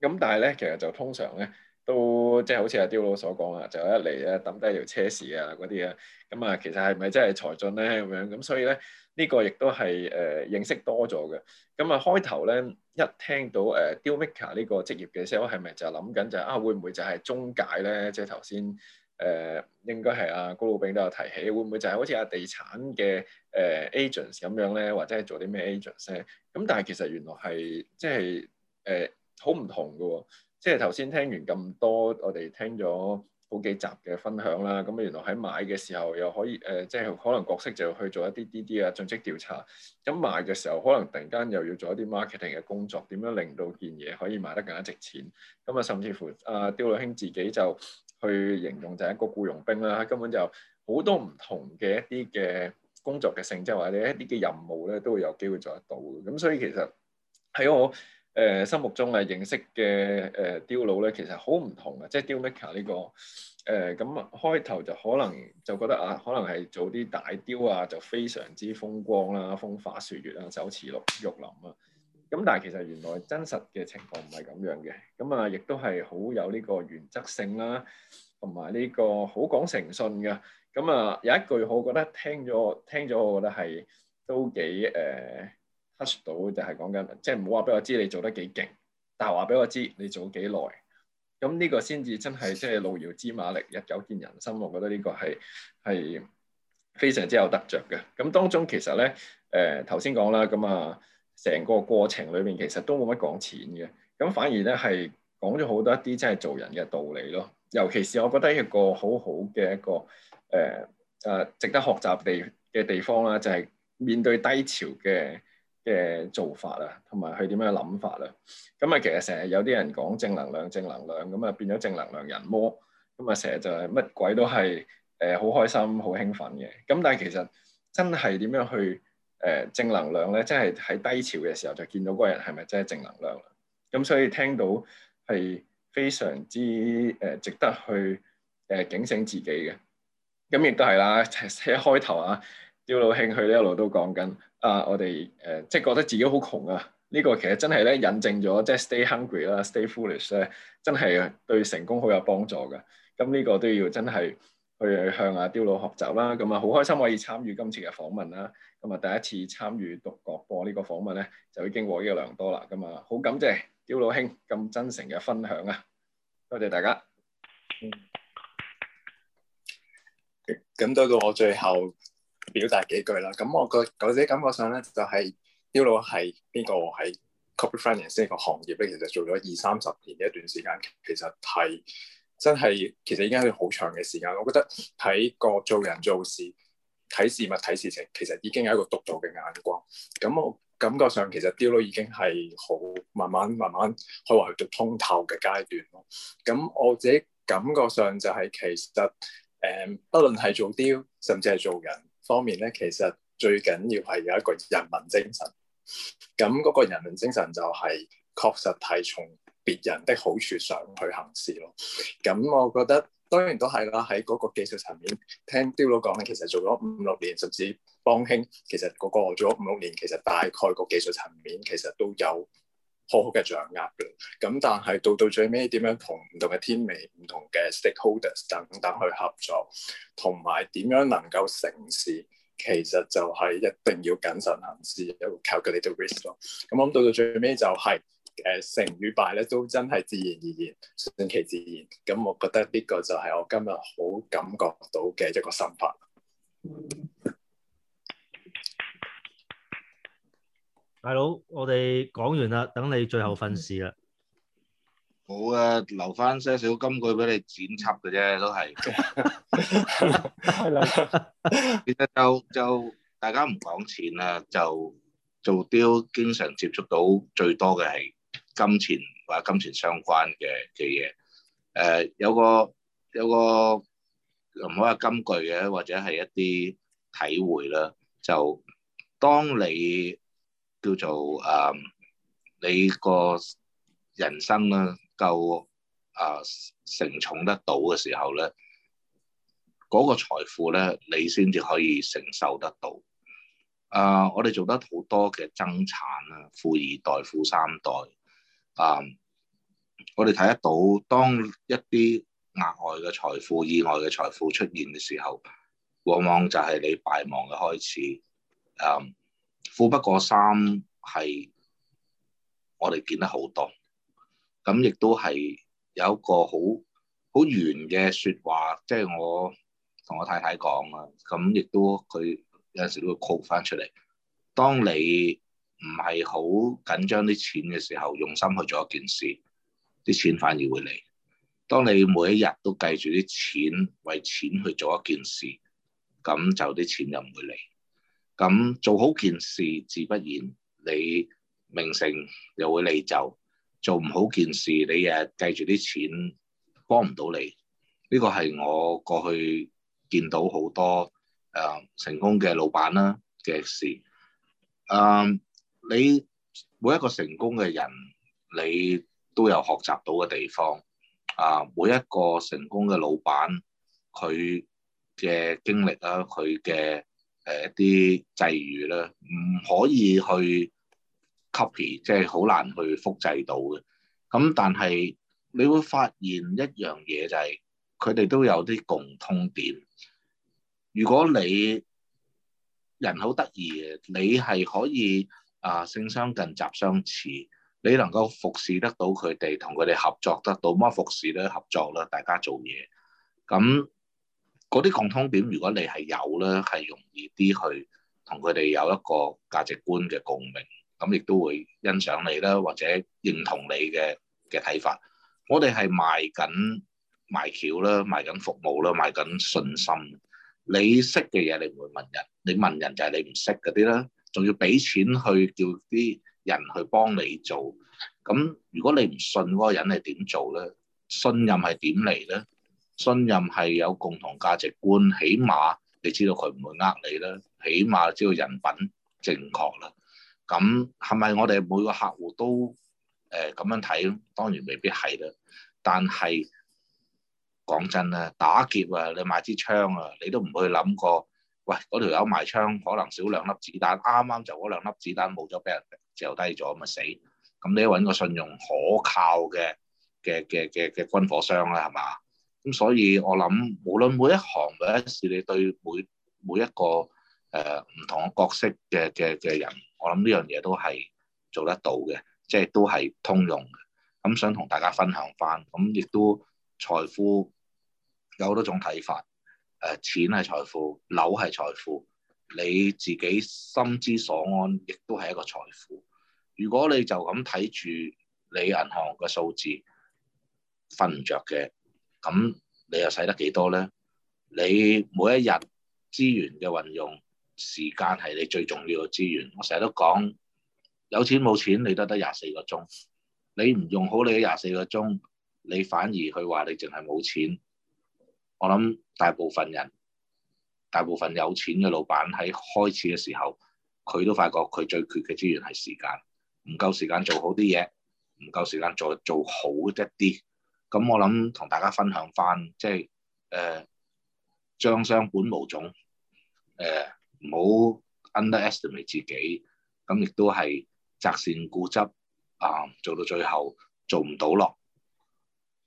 咁但係咧，其實就通常咧都即係好似阿刁佬所講啊，就一嚟咧抌低條車匙啊嗰啲啊，咁啊，其實係咪真係財經咧咁樣？咁所以咧，呢個亦都係誒認識多咗嘅。咁啊，開頭咧一聽到誒 dealmaker 呢個職業嘅時候，係咪就諗緊就啊會唔會就係中介咧？即係頭先。誒應該係阿高老炳都有提起，會唔會就係好似阿地產嘅誒 agents 咁樣咧，或者係做啲咩 agents 咧？咁但係其實原來係即係誒好唔同嘅喎、哦。即係頭先聽完咁多，我哋聽咗好幾集嘅分享啦。咁原來喺買嘅時候又可以誒、呃，即係可能角色就去做一啲啲啲啊，盡職調查。咁賣嘅時候可能突然間又要做一啲 marketing 嘅工作，點樣令到件嘢可以賣得更加值錢？咁啊，甚至乎阿刁老兄自己就～.去形容就係一個僱傭兵啦，根本就好多唔同嘅一啲嘅工作嘅性質，或者一啲嘅任務咧，都會有機會做得到。咁所以其實喺我誒、呃、心目中嘅認識嘅誒、呃、刁佬咧，其實好唔同嘅，即係刁 maker 呢個誒咁、呃、開頭就可能就覺得啊，可能係做啲大雕啊，就非常之風光啦，風花雪月啊，手持玉玉林啊。咁但係其實原來真實嘅情況唔係咁樣嘅，咁啊亦都係好有呢個原則性啦，同埋呢個好講誠信嘅。咁啊有一句我覺得聽咗聽咗，我覺得係都幾誒 touch、呃、到，就係講緊即係唔好話俾我知你做得幾勁，但係話俾我知你做幾耐。咁呢個先至真係即係路遙知馬力，日久見人心。我覺得呢個係係非常之有得着嘅。咁當中其實咧誒頭先講啦，咁、呃、啊。成個過程裏面其實都冇乜講錢嘅，咁反而咧係講咗好多一啲真係做人嘅道理咯。尤其是我覺得一個好好嘅一個誒誒、呃呃、值得學習地嘅地方啦，就係、是、面對低潮嘅嘅做法啊，同埋佢點樣嘅諗法啊。咁啊，其實成日有啲人講正能量，正能量咁啊，變咗正能量人魔。咁啊，成日就係乜鬼都係誒好開心、好興奮嘅。咁但係其實真係點樣去？誒正能量咧，即係喺低潮嘅時候就見到嗰個人係咪真係正能量啦？咁所以聽到係非常之誒、呃、值得去誒、呃、警醒自己嘅。咁亦都係啦，一開頭啊，刁老兄佢一路都講緊啊，我哋誒、呃、即係覺得自己好窮啊，呢、這個其實真係咧引證咗即係 stay hungry 啦，stay foolish 咧，真係對成功好有幫助嘅。咁、嗯、呢、這個都要真係。去向阿刁佬學習啦，咁啊好開心可以參與今次嘅訪問啦，咁啊第一次參與獨角播呢個訪問咧，就已經獲益良多啦，咁啊好感謝刁佬兄咁真誠嘅分享啊，多謝大家。咁到、嗯、到我最後表達幾句啦，咁我、那個我自己感覺上咧就係、是、刁佬係呢個喺 corporate finance 呢個行業咧，其實做咗二三十年嘅一段時間，其實係。真係，其實已經係好長嘅時間。我覺得睇個做人做事、睇事物睇事情，其實已經係一個獨到嘅眼光。咁我感覺上其實刁都已經係好慢慢慢慢去話去到通透嘅階段咯。咁我自己感覺上就係其實誒、嗯，不論係做刁，甚至係做人方面咧，其實最緊要係有一個人文精神。咁嗰個人文精神就係、是、確實太重。別人的好處上去行事咯，咁我覺得當然都係啦。喺嗰個技術層面，聽刁佬講咧，其實做咗五六年甚至幫興，其實嗰個做咗五六年，其實大概個技術層面其實都有好好嘅掌握嘅，咁但係到到最尾點樣同唔同嘅天美唔同嘅 stakeholders 等等去合作，同埋點樣能夠成事，其實就係一定要謹慎行事，有一個 calculated risk 咯。咁我諗到到最尾就係、是。誒成與敗咧，都真係自然而然，順其自然。咁我覺得呢個就係我今日好感覺到嘅一個心法。大佬，我哋講完啦，等你最後訓示啦。好啊，留翻些少金句俾你剪輯嘅啫，都係。其實就就大家唔講錢啦，就做刁，經常接觸到最多嘅係。 *laughs* Toyota 金錢或者金錢相關嘅嘅嘢，誒、呃、有個有個唔好話金句嘅，或者係一啲體會啦。就當你叫做誒、呃、你個人生啦夠啊承、呃、重得到嘅時候咧，嗰、那個財富咧，你先至可以承受得到。誒、呃，我哋做得好多嘅爭產啦，富二代、富三代。啊！Um, 我哋睇得到，當一啲額外嘅財富、意外嘅財富出現嘅時候，往往就係你敗亡嘅開始。啊、um,，富不過三係我哋見得好多，咁亦都係有一個好好圓嘅說話，即係我同我太太講啊，咁亦都佢有陣時都會 l 翻出嚟。當你唔係好緊張啲錢嘅時候，用心去做一件事，啲錢反而會嚟。當你每一日都計住啲錢，為錢去做一件事，咁就啲錢又唔會嚟。咁做好件事自不然，你名成又會嚟就。做唔好件事，你日日計住啲錢幫唔到你。呢個係我過去見到好多誒、呃、成功嘅老闆啦、啊、嘅事，嗯、um,。你每一個成功嘅人，你都有學習到嘅地方啊！每一個成功嘅老闆，佢嘅經歷啦，佢嘅誒一啲際遇啦，唔可以去 copy，即係好難去複製到嘅。咁但係，你會發現一樣嘢就係佢哋都有啲共通點。如果你人好得意嘅，你係可以。啊，性相近，習相似，你能夠服侍得到佢哋，同佢哋合作得到，乜服侍咧，合作啦，大家做嘢，咁嗰啲共通點，如果你係有咧，係容易啲去同佢哋有一個價值觀嘅共鳴，咁亦都會欣賞你啦，或者認同你嘅嘅睇法。我哋係賣緊賣橋啦，賣緊服務啦，賣緊信心。你識嘅嘢，你唔會問人，你問人就係你唔識嗰啲啦。仲要俾錢去叫啲人去幫你做，咁如果你唔信嗰個人係點做咧？信任係點嚟咧？信任係有共同價值觀，起碼你知道佢唔會呃你啦，起碼知道人品正確啦。咁係咪我哋每個客戶都誒咁、呃、樣睇？當然未必係啦，但係講真啦，打劫啊，你買支槍啊，你都唔會諗過。喂，嗰條友賣槍可能少兩粒子彈，啱啱就嗰兩粒子彈冇咗，俾人掉低咗，咪死。咁你揾個信用可靠嘅嘅嘅嘅嘅軍火商啦，係嘛？咁所以我諗，無論每一行每一事，你對每每一個誒唔同嘅角色嘅嘅嘅人，我諗呢樣嘢都係做得到嘅，即係都係通用嘅。咁想同大家分享翻，咁亦都財富有好多種睇法。誒錢係財富，樓係財富，你自己心之所安，亦都係一個財富。如果你就咁睇住你銀行嘅數字，瞓唔着嘅，咁你又使得幾多咧？你每一日資源嘅運用，時間係你最重要嘅資源。我成日都講，有錢冇錢你，你都得廿四個鐘，你唔用好你嘅廿四個鐘，你反而去話你淨係冇錢。我諗大部分人，大部分有錢嘅老闆喺開始嘅時候，佢都發覺佢最缺嘅資源係時間，唔夠時間做好啲嘢，唔夠時間做做好一啲。咁我諗同大家分享翻，即係誒、將、呃、相本無種，誒、呃，唔好 underestimate 自己。咁亦都係擇善固執啊，做到最後做唔到落，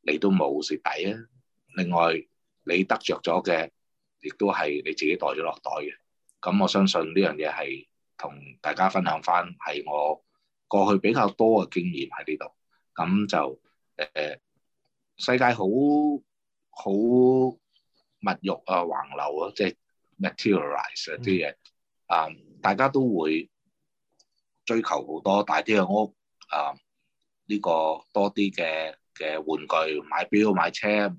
你都冇蝕底啊。另外，你得着咗嘅，亦都係你自己袋咗落袋嘅。咁我相信呢樣嘢係同大家分享返，係我過去比較多嘅經驗喺呢度。咁就誒、呃，世界好好物慾啊橫流啊，即係 materialize 啲嘢啊，嗯、大家都會追求好多大啲嘅屋啊，呢、呃呢個多啲嘅嘅玩具，買表買車。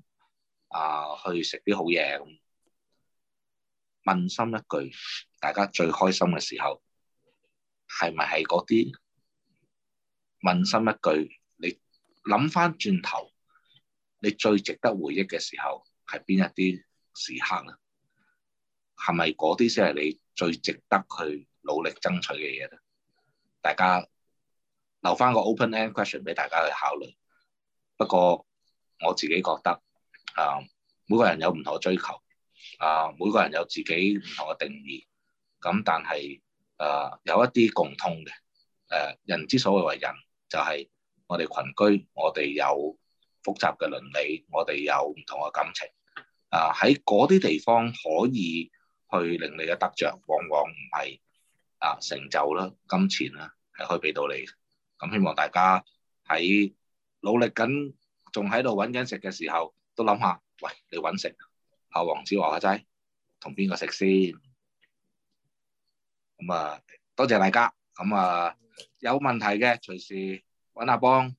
啊，去食啲好嘢咁。問心一句，大家最開心嘅時候係咪係嗰啲？問心一句，你諗翻轉頭，你最值得回憶嘅時候係邊一啲時刻啊？係咪嗰啲先係你最值得去努力爭取嘅嘢咧？大家留翻個 open end question 俾大家去考慮。不過我自己覺得。啊！每個人有唔同嘅追求，啊！每個人有自己唔同嘅定義，咁但係啊，有一啲共通嘅。誒、啊，人之所以為人，就係、是、我哋群居，我哋有複雜嘅倫理，我哋有唔同嘅感情。啊，喺嗰啲地方可以去令你嘅得着，往往唔係啊成就啦、金錢啦，係可以俾到你。咁希望大家喺努力緊，仲喺度揾緊食嘅時候。都諗下，喂，你搵食啊，黃子華阿仔同邊個食先？咁啊，多謝大家。咁啊，有問題嘅隨時搵阿邦。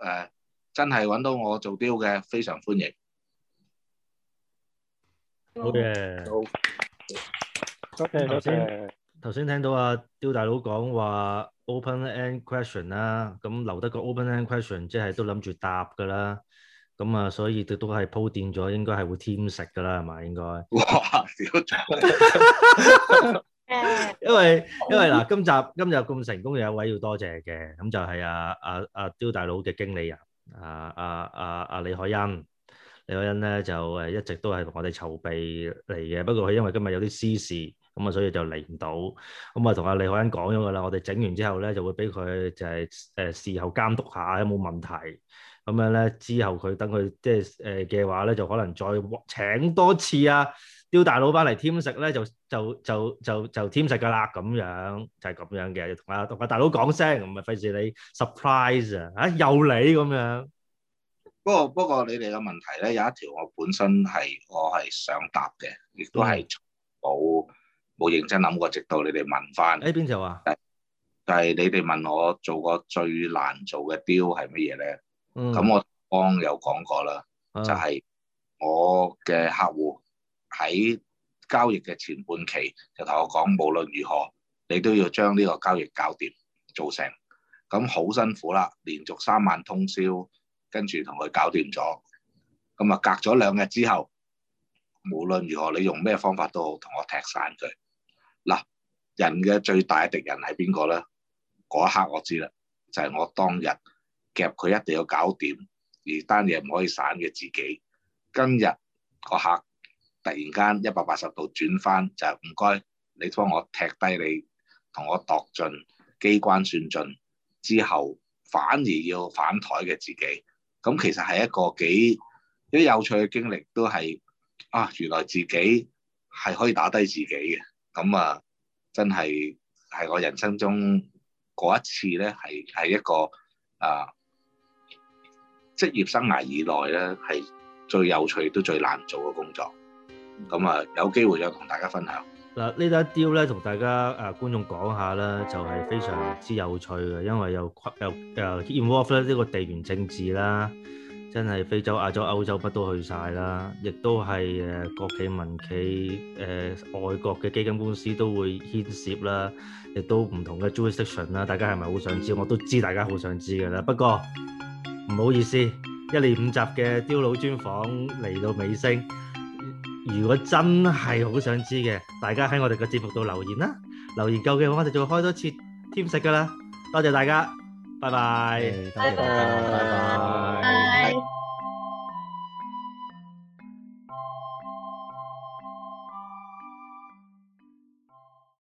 誒，真係搵到我做雕嘅，非常歡迎。好嘅。多謝。頭先頭先聽到阿刁大佬講話 open end question 啦，咁留得個 open end question，即係都諗住答㗎啦。咁啊，嗯，所以都都係鋪墊咗，應該係會添食噶啦，係咪？應該因為因為嗱，呃，今集今日咁成功，有一位要多謝嘅，咁就係阿阿阿刁大佬嘅經理人，啊啊啊啊李，李啊李海欣，李海欣咧就誒一直都係同我哋籌備嚟嘅，不過佢因為今日有啲私事，咁啊所以就嚟唔到，咁啊同阿李海欣講咗噶啦，我哋整完之後咧就會俾佢就係誒事後監督下有冇問題。咁樣咧，之後佢等佢即係誒嘅話咧，就可能再請多次啊，刁大佬返嚟添食咧，就就就就就，就添食噶啦，咁樣就係、是、咁樣嘅。同阿同阿大佬講聲，唔係費事你 surprise 啊，吓又你咁樣不。不過不過你哋嘅問題咧有一條，我本身係我係想答嘅，亦都係冇冇認真諗過，直到你哋問翻。誒邊條啊？但係、就是、你哋問我做過最難做嘅 deal 係乜嘢咧？咁、嗯、我當有講過啦，嗯、就係我嘅客戶喺交易嘅前半期就同我講，無論如何你都要將呢個交易搞掂做成，咁好辛苦啦，連續三晚通宵跟住同佢搞掂咗，咁啊隔咗兩日之後，無論如何你用咩方法都好，同我踢散佢。嗱，人嘅最大敵人係邊個咧？嗰一刻我知啦，就係、是、我當日。夾佢一定要搞掂，而單嘢唔可以散嘅自己，今日個客突然間一百八十度轉翻，就係唔該，你幫我踢低你，同我度盡機關算盡之後，反而要反台嘅自己，咁其實係一個幾幾有趣嘅經歷，都係啊原來自己係可以打低自己嘅。咁啊真係係我人生中嗰一次咧，係係一個啊～職業生涯以來咧，係最有趣都最難做嘅工作。咁啊，有機會又同大家分享嗱，呢度一啲咧，同大家誒、啊、觀眾講下啦，就係、是、非常之有趣嘅，因為有誒 involves 咧呢個地緣政治啦，真係非洲、亞洲、歐洲不都去晒啦，亦都係誒國企、民企誒外國嘅基金公司都會牽涉啦，亦都唔同嘅 jurisdiction 啦，大家係咪好想知？我都知大家好想知㗎喇，不過。唔好意思，一連五集嘅刁佬專訪嚟到尾聲。如果真係好想知嘅，大家喺我哋嘅節目度留言啦。留言夠嘅話，我哋仲開多次添食㗎喇。多謝大家，拜拜。拜拜，拜拜。